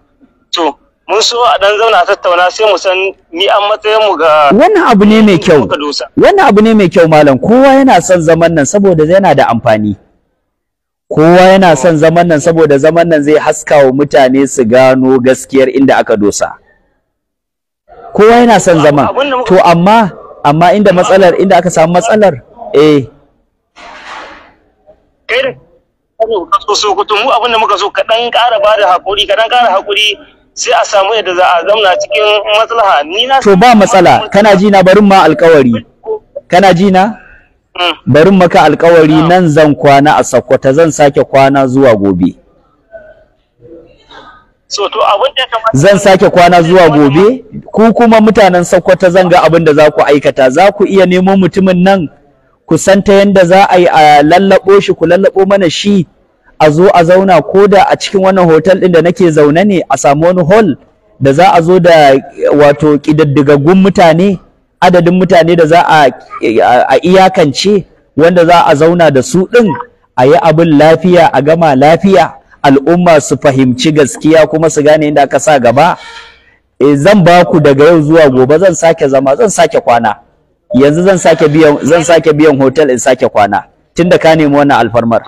to mun so a dan zauna tattauna sai mu san ni an matsayin mu ga wannan abu ne mai kyau wannan abu ne mai kyau malam kowa yana son zaman nan saboda yana da amfani kowa yana son zaman nan saboda zaman nan zai haska wa mutane su gano gaskiyar inda aka dosa kowa yana son zama to amma amma inda matsalar inda aka samu matsalar eh mu abin da muka so ka ƙara ba da ƙara haƙuri, sai a samu yadda za a zamna cikin maslaha ni na to ba matsala kana ji na barin ma alƙawari kana ji na mm. barin maka alƙawari nan zan kwana a sakkwata zan sake kwana zuwa gobe zan sake kwana zuwa gobe ku kuma mutanen Sokoto ga abin da za ku aikata za ku iya nemo mutumin nan ku san ta yanda za a yi a lallabo shi ku lallabo mana shi a zo a zauna ko da a cikin wannan hotel ɗin da nake zaune ne a samu wani hall da za a zo da wato ƙididdigaggun mutane adadin mutane da za a iyakance wanda za a zauna da su ɗin a yi abin lafiya a gama lafiya al'umma su fahimci gaskiya kuma su gane inda aka sa gaba eh zan ba ku daga yau zuwa gobe zan sake zama zan sake kwana yanzu zan sake biyan zan sake biyan hotel in sake kwana tunda ka nemi wannan alfarmar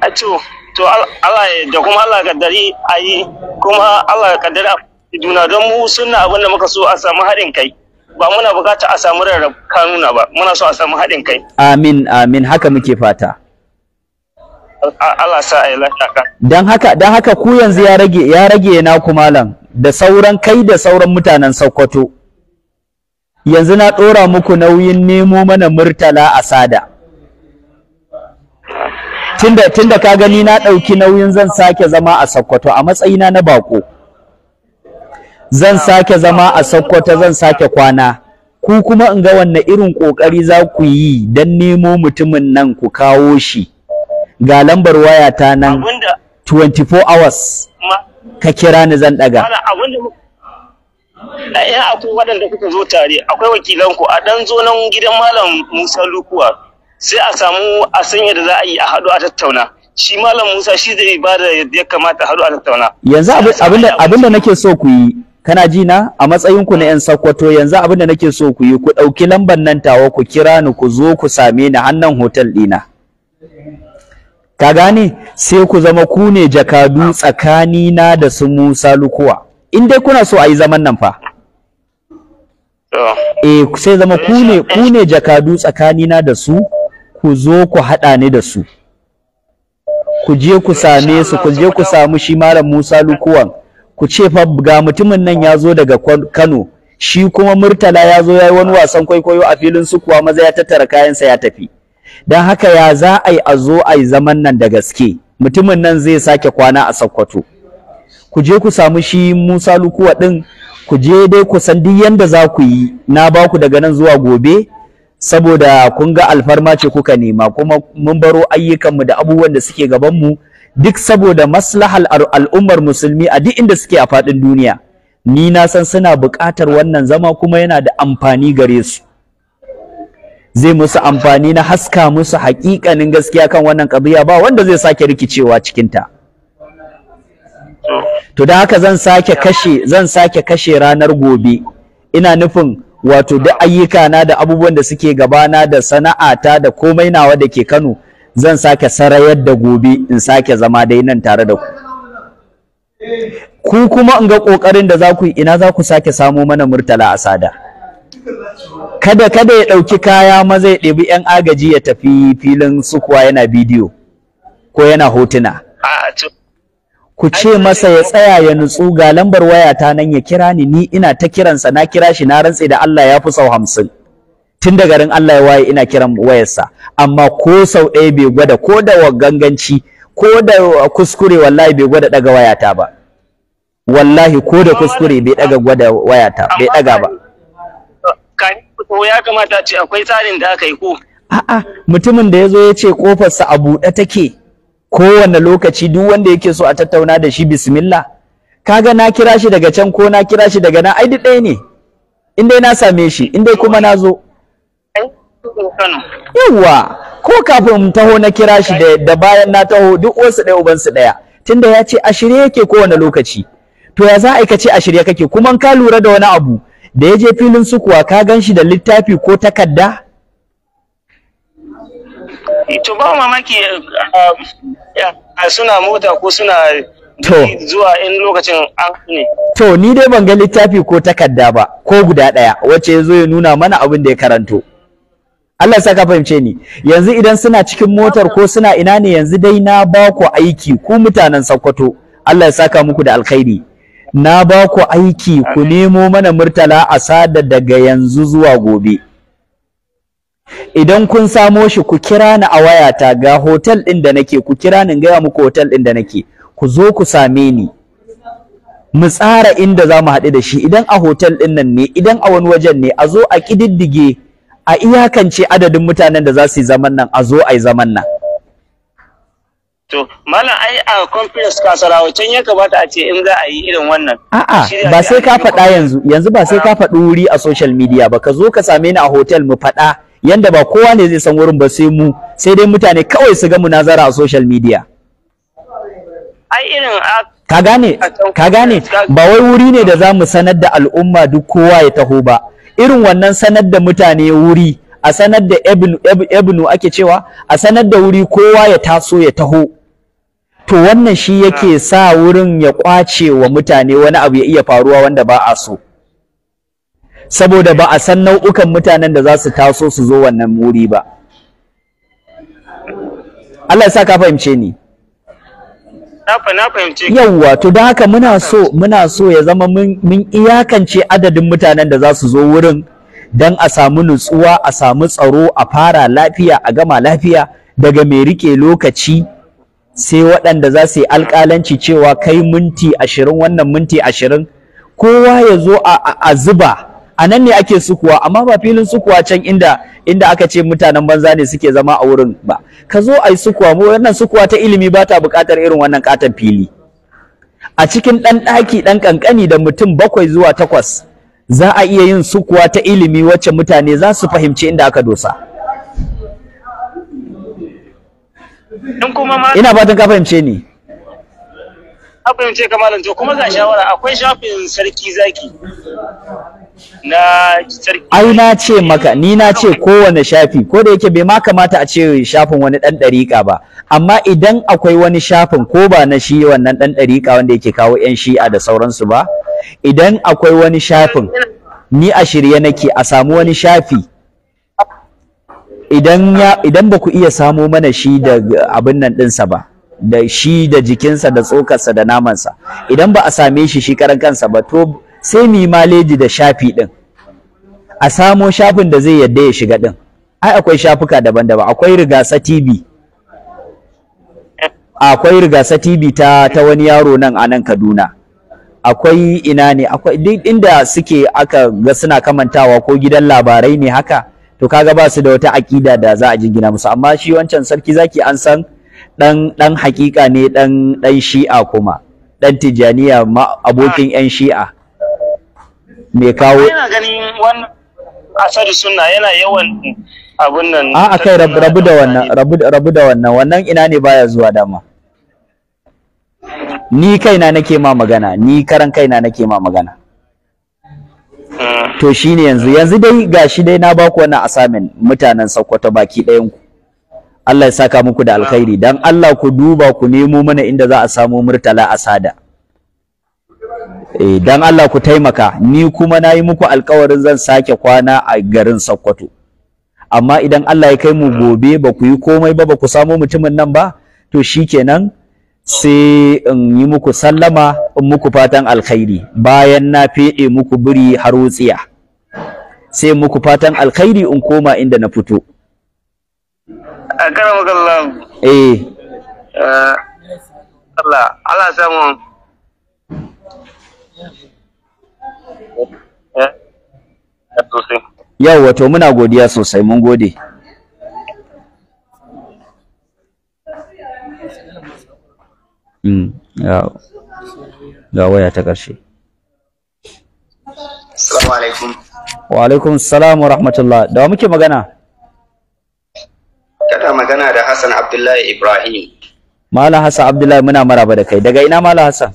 a to to Allah ya da kuma Allah dari ayi kuma Allah kaddari juna don mu sunna abin da muka so a samu haɗin kai ba muna bukata a samu rarrab kanuna ba muna so a samu haɗin kai amin amin haka muke fata Allah sa ayi lafiya dan haka dan haka ku yanzu ya rage ya rage na kuma malam da sauran kai da sauran mutanen Sokoto yanzu na ɗora muku nauyin nemo mana murtala a sada tunda tunda ka gani na ɗauki nauyin zan sake zama a Sokoto a matsayina na bako zan sake zama a Sokoto zan sake kwana ku kuma in ga wanne irin ƙoƙari za ku yi don nemo mutumin nan ku kawo shi ga lambar waya ta nan 24 hours ka kira ni zan daga a akwai waɗanda kuka zo tare akwai wakilanku a ɗan zo nan gidan malam musa lukuwa sai a samu a sanya da za a yi a haɗu a tattauna shi malam musa shi zai ba da yadda ya kamata a haɗu a tattauna yanzu abin da nake so ku yi kana ji na a matsayinku na yan sakwato yanzu abin nake so ku yi ku ɗauki lambar nan tawa ku kira ni ku zo ku same ni hannan hotel ɗina ka gane sai ku zama ku ne jakadu tsakanina da su Musa lukuwa in dai kuna so a yi zaman nan fa eh sai zama ku ne ku ne jakadu tsakanina da su ku zo ku haɗa ni da su ku je ku same su ku je ku samu shi malam Musa lukuwan ku ce fa ga mutumin nan ya zo daga Kano shi kuma Murtala ya zo ya yi wani wasan kwaikwayo a filin su kuwa maza ya tattara kayansa ya tafi don haka ya za a yi a zo a yi zaman nan da gaske mutumin nan zai sake kwana a sakkwato ku je ku samu shi musa lukuwa ɗin ku je dai ku san duk yanda za ku yi na ba ku daga nan zuwa gobe saboda kun ga alfarma ce kuka nema kuma mun baro ayyukanmu da abubuwan da suke gabanmu duk saboda maslahal al'ummar musulmi a duk inda suke a faɗin duniya ni na san suna buƙatar wannan zama kuma yana da amfani gare su zai musu amfani na haska musu haƙiƙanin gaskiya kan wannan ƙabiya ba wanda zai sake rikicewa cikinta to da haka zan sake kashe zan sake kashe ranar gobe ina nufin wato duk na da abubuwan da suke gabana da sana'a ta da komai nawa da ke Kano zan sake sarayar da gobe in sake zama dai nan tare da ku ku kuma in ga ƙoƙarin da za ku ina za ku sake samo mana murtala a asada kada kada ya ɗauki kaya maza ya ɗebi 'yan agaji ya tafi filin sukuwa yana bidiyo ko yana hotuna ku ce masa ya tsaya ya nutsu ga lambar wayata nan ya kira ni ni ina ta kiransa na kira shi na rantse da Allah ya fi sau hamsin tun da garin Allah ya waye ina kiran wayarsa amma ko sau ɗaya bai gwada ko da ganganci ko da kuskure wallahi bai gwada ɗaga wayata ba wallahi ko da kuskure bai ɗaga gwada wayata bai ɗaga ba ko ya kamata ce akwai tsarin da aka yi ko a'a mutumin da ya zo ya ce kofarsa a buɗe take kowane lokaci duk wanda yake so a tattauna da shi bismillah kaga na kira shi daga can ko na kira shi daga nan ai duk ɗaya ne in dai na same shi in dai kuma na zo yawwa ko kafin mu taho na kira shi da bayan na taho duk wasu ɗaya ubansu ɗaya tunda ya ce a shirye yake kowane lokaci to ya za a ce a shirye kake kuma ka lura da wani abu da ya je filin sukuwa ka gan shi da littafi ko takarda to ba mamaki um, suna mota ko suna zuwa in lokacin an ne to ni dai ban ga littafi ko takarda ba ko guda ɗaya wacce ya zo ya nuna mana abin da ya karanto Allah ya saka fahimce ni yanzu idan suna cikin motar ko suna ina ne yanzu dai na ba aiki ku mutanen Sokoto Allah ya saka muku da alkhairi na ba ku aiki ku nemo mana murtala a sada daga yanzu zuwa gobe idan kun samo shi ku kira ni a wayata ga hotel ɗin da nake ku kira ni gaya muku hotel ɗin da nake ku zo ku same ni mu tsara inda za mu haɗu da shi idan a hotel ɗin nan ne idan a wani wajen ne a zo a ƙididdige a iyakance adadin mutanen da za su yi zaman nan a zo a yi zaman nan To, malam ai a conference kasarawa can ya kamata a ce in za a yi irin wannan. A'a, ba sai ka faɗa yanzu, yanzu ba sai ka faɗi wuri a social media ba, ka zo ka same ni a hotel mu faɗa yanda ba kowa ne zai san wurin ba sai mu, sai dai mutane kawai su ga munazara a social media. Ai irin ka gane, ka gane, ba wai wuri ne da za mu sanar da al'umma duk kowa ya taho ba. Irin wannan sanar da mutane wuri, a sanar da ebnu, ake cewa, a sanar da wuri kowa ya taso ya taho. to wannan shi yake sa wurin ya kwace wa mutane wani abu ya iya faruwa wanda ba a so saboda ba a san nau'ukan mutanen da za su taso su zo wannan wuri ba Allah ya sa ka fahimce ni na yawwa to don haka muna so muna so ya zama mun iyakance adadin mutanen da za su zo wurin don a samu nutsuwa a samu tsaro a fara lafiya a gama lafiya daga mai rike lokaci sai waɗanda za su yi alƙalanci cewa kai minti ashirin wannan minti ashirin kowa ya zo a zuba a nan ne ake sukuwa amma ba filin sukuwa can inda inda aka ce mutanen banza ne suke zama a wurin ba ka zo a yi sukuwa mu wannan sukuwa ta ilimi ba ta buƙatar irin wannan ƙaton fili a cikin ɗan ɗaki ɗan ƙanƙani da mutum bakwai zuwa takwas za a iya yin sukuwa ta ilimi wacce mutane za su fahimci inda aka dosa. in kuma ma ina fatan ka fahimce ni a fahimce ka malam to kuma ga shawara akwai shafin sarki zaki na sarki ai na ce maka ni na ce kowane shafi ko da yake bai ma kamata a ce shafin wani dan dariƙa ba amma idan akwai wani shafin ko ba na shi wannan dan dariƙa wanda yake kawo yan shi'a da sauransu ba idan akwai wani shafin ni a shirye nake a samu wani shafi idan ya ah. ba ku iya samo mana shi da abin nan ɗinsa ba da shi da jikinsa da tsokarsa da namansa idan ba a same shi shi karan kansa ba to sai mu maleji da shafi ɗin a samo shafin da zai yadda ya shiga ɗin ai akwai shafuka daban-daban akwai rigasa tv akwai rigasa tv ta ta wani yaro nan a nan kaduna akwai ina ne akwai duk inda suke aka ga suna kamantawa ko gidan labarai ne haka to kaga ba su da wata aƙida da za a jingina musu amma shi wancan sarki zaki an san dan dan hakika ne dan dan shi'a kuma dan tijaniya ma abokin yan shi'a me kawo ina ganin wannan asari sunna yana yawan abun nan a akai rabu rabu da wannan rabu da wannan wannan ina ne baya zuwa dama ni kaina nake ma magana ni karan kaina nake ma magana to shine yanzu yanzu dai gashi dai na baku wannan assignment mutanen Sokoto baki ɗayan ku Allah ya saka muku da alkhairi dan Allah ku duba ku nemo mana inda za a samu murtala asada eh dan Allah ku taimaka ni kuma nayi muku alƙawarin zan sake kwana a garin Sokoto amma idan Allah ya kai mu gobe ba ku yi komai ba ba ku samu mutumin nan ba to shikenan sai in yi muku sallama in muku fatan alkhairi bayan na feɗe muku biri har wutsiya sai muku fatan alkhairi in koma inda na fito a kana makallan eh. eh Allah Allah samu eh, eh, yawa to muna godiya sosai mun gode Mm, ga waya ta ƙarshe. Assalamu alaikum. Wa alaikum salam wa rahmatullah. Da wa muke magana? Kada magana da Hassan Abdullahi Ibrahim. Malam Hassan Abdullahi muna maraba da kai. Daga ina Malam Hassan?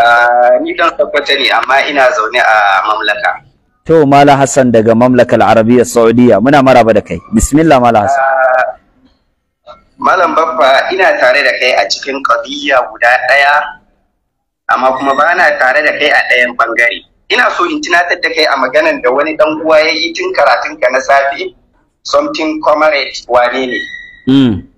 Ah, ni dan tabbata ne amma ina zaune a mamlaka. To Malam Hassan daga mamlakar Arabiya Saudiya muna maraba da kai. Bismillah Malam Hassan. Ah, Malam Baffa ina tare da kai a cikin kabiya guda ɗaya, amma kuma ba na tare da kai a ɗayan ɓangare. Ina so in tunatar da kai a maganar da wani ɗan uwa ya yi tun karatunka na safe, something comrade wane ne. Hmm.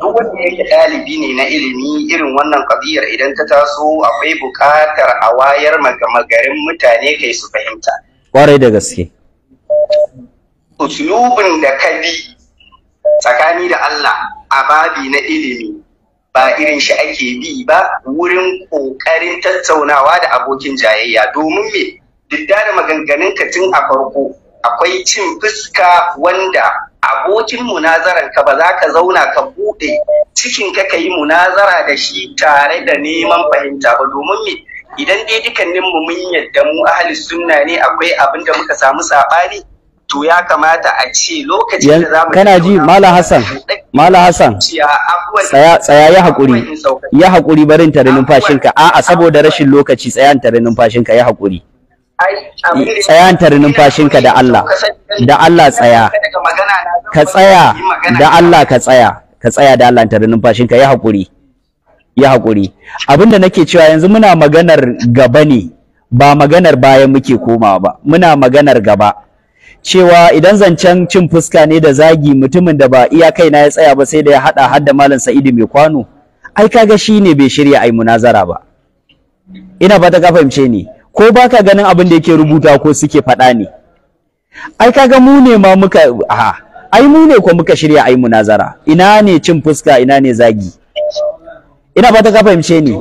duk wanda yake ɗalibi ne na ilimi irin wannan ƙabiyar idan ta taso akwai buƙatar a wayar magamagarin mutane kai su fahimta. Ƙwarai da gaske. Usulubin da ka bi tsakani da Allah a babi na ilimi ba irin shi ake bi ba wurin ƙoƙarin tattaunawa da abokin jayayya domin me didda da maganganun ka tun a farko akwai cin fuska wanda abokin munazaran ka ba za ka zauna ka buɗe cikin ka ka yi munazara da shi tare da neman fahimta ba domin me idan dai dukkaninmu mun yadda mu ahli sunna ne akwai abin da muka samu saɓani to ya kamata a ce lokacin da zamu kana ji mala hassan mala hasan tsaya tsaya ya hakuri ya hakuri barin tare numfashinka a'a saboda rashin lokaci tsayan tare numfashinka ya hakuri tsayan tare numfashinka da Allah da Allah tsaya ka tsaya da Allah ka tsaya ka tsaya da Allah tare numfashinka ya hakuri ya hakuri abinda nake cewa yanzu muna maganar gaba ne ba maganar baya muke komawa ba muna maganar gaba cewa idan zancen cin fuska ne da zagi mutumin da ba iya kaina ya tsaya ba sai da ya hada hadda malam Sa'idu mai kwano ai kaga shi ne bai shirya ai munazara ba ina ta ka fahimce ni ko baka ganin abin da yake rubuta ko suke faɗa ne ai kaga mu ne ma muka a ai mu ne ko muka shirya ai munazara ina ne cin fuska ina ne zagi ina ta ka fahimce ni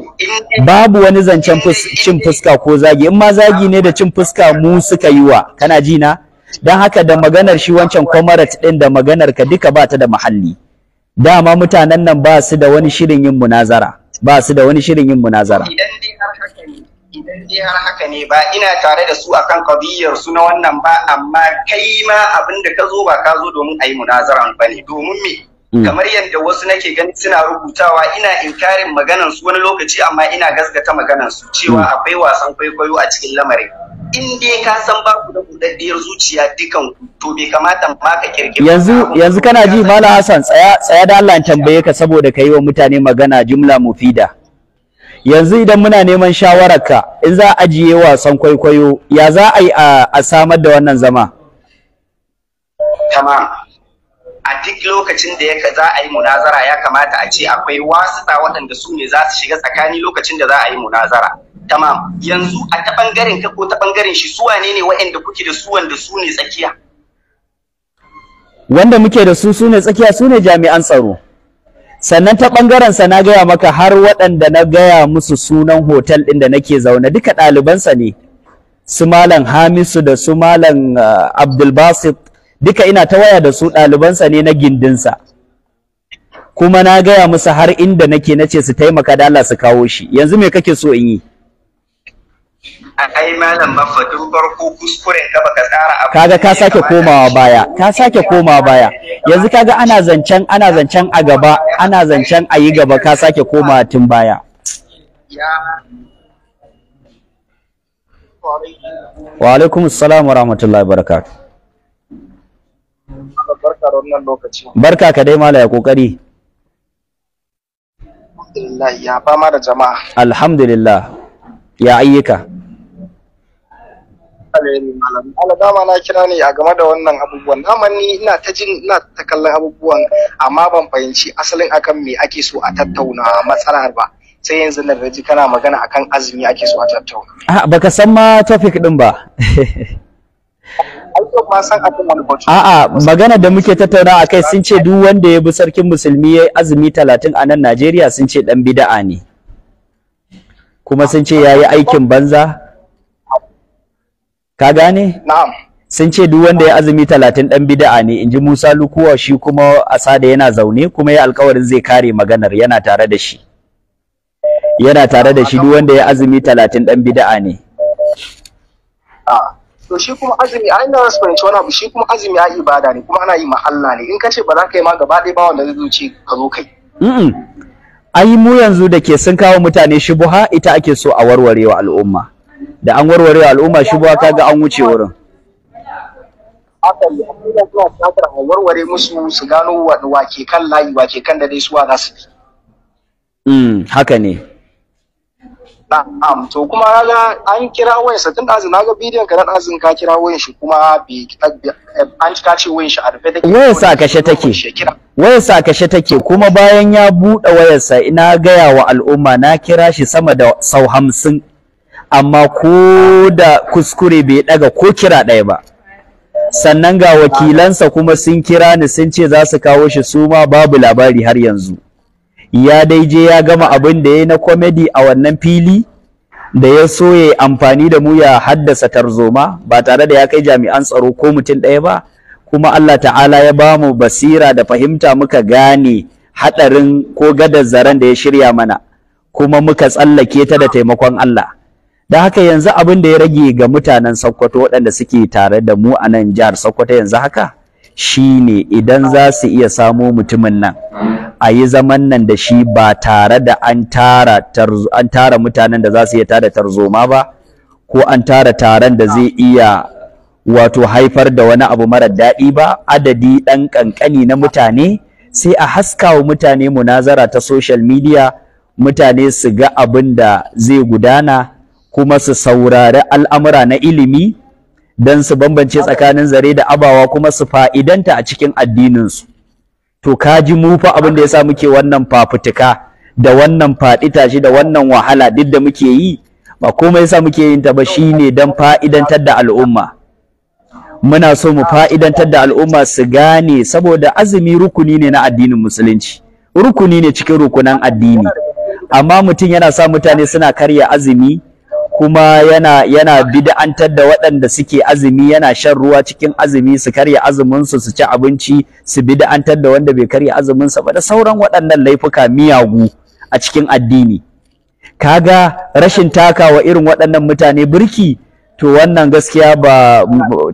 babu wani zancen cin fuska ko zagi in ma zagi ne da cin fuska mu suka yi wa kana ji na don haka da maganar shi wancan comrade din da maganar ka duka ba ta da mahalli dama mutanen nan ba su da wani shirin yin munazara ba su da wani shirin yin munazara idan dai har haka ne ba ina tare da su akan kabiyar su na wannan ba amma kai ma abin da ka zo ba ka zo domin a yi munazaran ba ne domin me hmm. kamar yadda wasu nake gani suna rubutawa ina inkarin maganarsu su wani lokaci amma ina gaskata maganar su cewa hmm. akwai wasan kwaikwayo a cikin lamarin in dai ka san ba ku da budaddiyar zuciya dukan to bai kamata ma ka kirkira yanzu yanzu kana ji mala hasan tsaya tsaya da Allah tambaye ka saboda kai wa mutane magana jumla mufida yanzu idan muna neman shawararka in za a ajiye wasan kwaikwayo ya za a yi a samar da wannan zama tamam a duk lokacin da ya za a yi munazara ya kamata a ce akwai wasu wasuta waɗanda su ne za su shiga tsakani lokacin da za a yi munazara tamam yanzu a ta bangaren ka ko ta bangaren shi su wane ne waɗanda kuke da su wanda su ne tsakiya wanda muke da su su ne tsakiya su ne jami'an tsaro sannan ta bangaren sa na gaya maka har waɗanda na gaya musu sunan hotel ɗin da nake zaune duka ɗalibansa ne su malam hamisu da su malam uh, abdulbasit duka ina ta waya da su ɗalibansa ne na gindinsa kuma na gaya musu har inda nake nace su taimaka da Allah su kawo shi yanzu me kake so in yi ai malam baffa tun farko kuskuren ka baka tsara abu kaga ka sake komawa baya ka sake komawa baya yanzu kaga ana zancen ana zancen a gaba ana zancen a yi gaba ka sake komawa tun baya wa alaikum assalam wa rahmatullahi barakatuh barka ka dai mala ya kokari alhamdulillah ya fama da jama'a alhamdulillah ya ayyuka alheri malam ala dama na kira ne a game da wannan abubuwan dama ni ina ta jin ina ta kallon abubuwan amma ban fahimci asalin akan me ake so a tattauna matsalar ba sai yanzu na ji kana magana akan azumi ake so a tattauna a baka san ma topic din ba A'a magana da muke tattauna a kai sun ce duk wanda ya bi sarkin musulmi ya azumi talatin a nan Najeriya sun ce dan bida'a ne. Kuma sun ce ya yi aikin banza ka gane na'am sun ce duk wanda ya azumi talatin dan bid'a ne inji Musa Lukuwa shi kuma sada yana zaune kuma ya alkawarin zai kare maganar yana tare da shi yana tare da shi duk wanda ya azumi talatin dan bid'a ne to shi kuma azumi a inda wasu fahimci wani abu shi kuma azumi a ibada ne kuma ana yi mahalla ne in ka ce ba za ka yi ma gaba ɗaya ba wanda zai zuci ka zo kai ai mu yanzu da ke sun kawo mutane shubuha ita ake so a warwarewa al'umma da an warware al'umma shi ba ga an wuce wurin haka suna warware musu su gano wa ke kan layi ke kan da dai suwa za su bi. Mm, haka ne. Na'am to kuma ga an kira wayan sa tun ɗazin naga bidiyon ka na ɗazin ka kira wayan shi kuma bi an ka ce wayan shi a rufe take. Wayan sa kashe take. Wayan sa kashe take kuma bayan ya buɗe wayarsa ina gaya wa al'umma na kira shi sama da sau hamsin. amma ko da kuskure bai daga ko kira ɗaya ba sannan ga wakilansa kuma sun kira ni sun ce za su kawo shi su ma babu labari har yanzu ya dai je ya gama abin da ya na komedi a wannan fili da ya so ya amfani da mu ya haddasa tarzoma ba tare da ya kai jami'an tsaro ko mutum ɗaya ba kuma Allah ta'ala ya ba mu basira da fahimta muka gane haɗarin ko gadar zaren da ya shirya mana kuma muka tsallake ta da taimakon Allah da haka yanzu abin da ya rage ga mutanen Sokoto waɗanda suke tare da mu a nan jihar Sokoto yanzu haka shine idan za su iya samo mutumin nan a yi zaman nan da shi ba tare da an tara an tara mutanen da za su iya tada tarzoma ba ko an tara taron da zai iya wato haifar da wani abu mara daɗi ba adadi ɗan ƙanƙani na mutane sai a haskawa mutane munazara ta social media mutane su ga abin da zai gudana kuma su saurari al'amura na ilimi don su bambance tsakanin zare da abawa kuma su fa'idanta a cikin addininsu to ka ji mu fa abin da ya sa muke wannan fafutuka da wannan faɗi tashi da wannan wahala duk da muke yi ba komai yasa muke yin ta ba shine don fa'idantar da al'umma muna so mu fa'idantar da al'umma su gane saboda azumi rukuni ne na addinin musulunci rukuni ne cikin rukunan addini amma mutum yana sa mutane suna karya azumi kuma yana yana bid'antar da waɗanda suke azumi yana shan ruwa cikin azumi su karya azumin su ci abinci su bid'antar da wanda bai karya azumin sa ba da sauran waɗannan laifuka miyagu a cikin addini kaga rashin takawa irin waɗannan mutane birki to wannan gaskiya ba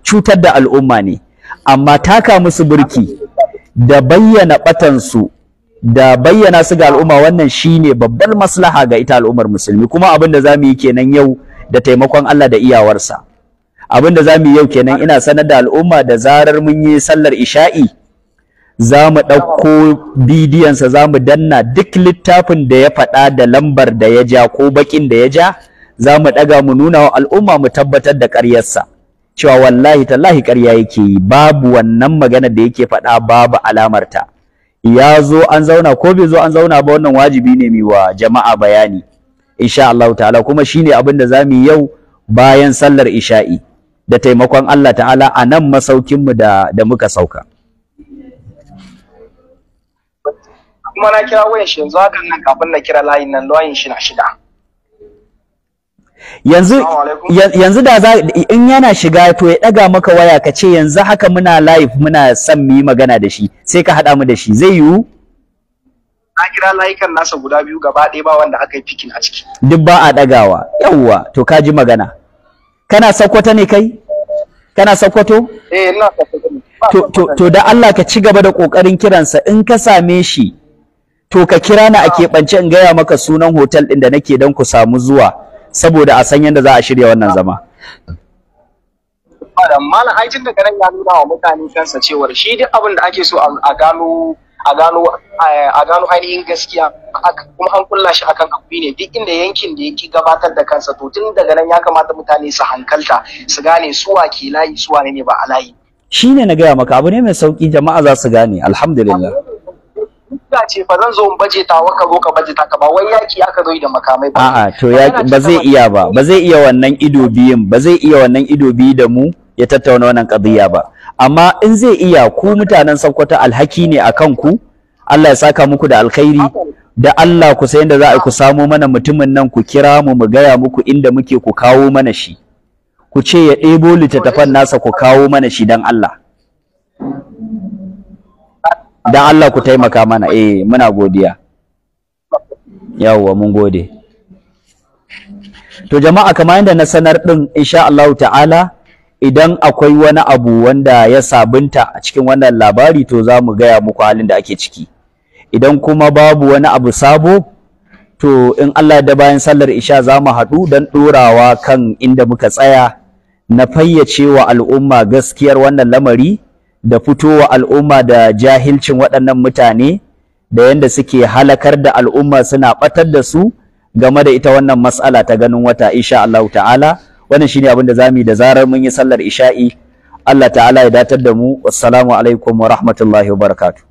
cutar da al'umma ne amma taka musu birki da bayyana batansu da bayyana su ga al'umma wannan shine babbar maslaha ga ita al'ummar musulmi kuma abin da zamu yi kenan yau da taimakon Allah da iyawarsa abin da zamu yi yau kenan ina sanar da al'umma da zarar mun yi sallar isha'i za mu ɗauko bidiyonsa za mu danna duk littafin da ya faɗa da lambar da ya ja ko baƙin da ya ja za mu ɗaga mu nuna wa al'umma mu tabbatar da ƙaryarsa cewa wallahi tallahi ƙarya yake yi babu wannan magana da yake faɗa babu alamarta. ya zo an zauna ko bai zo an zauna ba wannan wajibi ne mi wa jama'a bayani insha Allah ta'ala kuma shine abin da zamu yi yau bayan sallar isha'i da taimakon Allah ta'ala a nan masaukin mu da da muka sauka kuma na kira wayan shi yanzu hakan nan kafin na kira layin nan layin shi na shida yanzu yanzu da za in yana shiga to ya daga maka waya ka ce yanzu haka muna live muna son mu yi magana da shi sai ka hada mu da shi zai yiwu na kira layukan nasa guda biyu gaba ɗaya ba wanda aka yi fikin a ciki duk ba a dagawa yawwa to ka ji magana kana sakkwato ne kai kana sakkwato eh ina sakkwato ne to, to, da Allah ka ci gaba da kokarin kiransa in ka same shi to ka kira ni a ah. keɓance in gaya maka sunan hotel ɗin da nake don ku samu zuwa saboda a san yadda za a shirya wannan zama malam ai da daga ya nuna wa mutane kansa cewar shi duk abin da ake so a gano a gano a gano ainihin gaskiya kuma an kulla shi akan abu ne duk inda yankin da yake gabatar da kansa to tun daga nan ya kamata mutane su hankalta su gane wa ke layi wa ne ba a layi shine na gaya maka abu ne mai sauki jama'a za su gane alhamdulillah hujja ce fa zan zo in baje ta waka zo ka baje ta ka ba wai yaki aka zo da makamai ba a'a to yaki ba zai iya ba ba zai iya wannan ido biyin ba zai iya wannan ido biyu da mu ya tattauna wannan qadiya ba amma in zai iya ku mutanen Sakkwato alhaki ne akan ku Allah ya saka muku da alkhairi da Allah ku sai da za a ku samo mana mutumin nan ku kira mu mu gaya muku inda muke ku kawo mana shi ku ce ya ɗebo littattafan nasa ku kawo mana shi dan Allah dan Allah ku taimaka mana eh muna godiya yawwa mun gode to jama'a kamar yadda na sanar din insha Allah ta'ala idan akwai wani abu wanda ya sabunta a cikin wannan labari to za mu gaya muku halin da ake ciki idan kuma babu wani abu sabo to in Allah da bayan sallar isha za mu haɗu don ɗorawa kan inda muka tsaya na fayyace wa al'umma gaskiyar wannan lamari da fitowa al'umma da jahilcin waɗannan mutane da yadda suke halakar da al'umma suna ɓatar da su game da ita wannan matsala ta ganin wata insha Allah ta'ala wannan shine abin da zamu yi da zarar mun yi sallar isha'i Allah ta'ala ya datar da mu wassalamu alaikum wa rahmatullahi wa barakatuh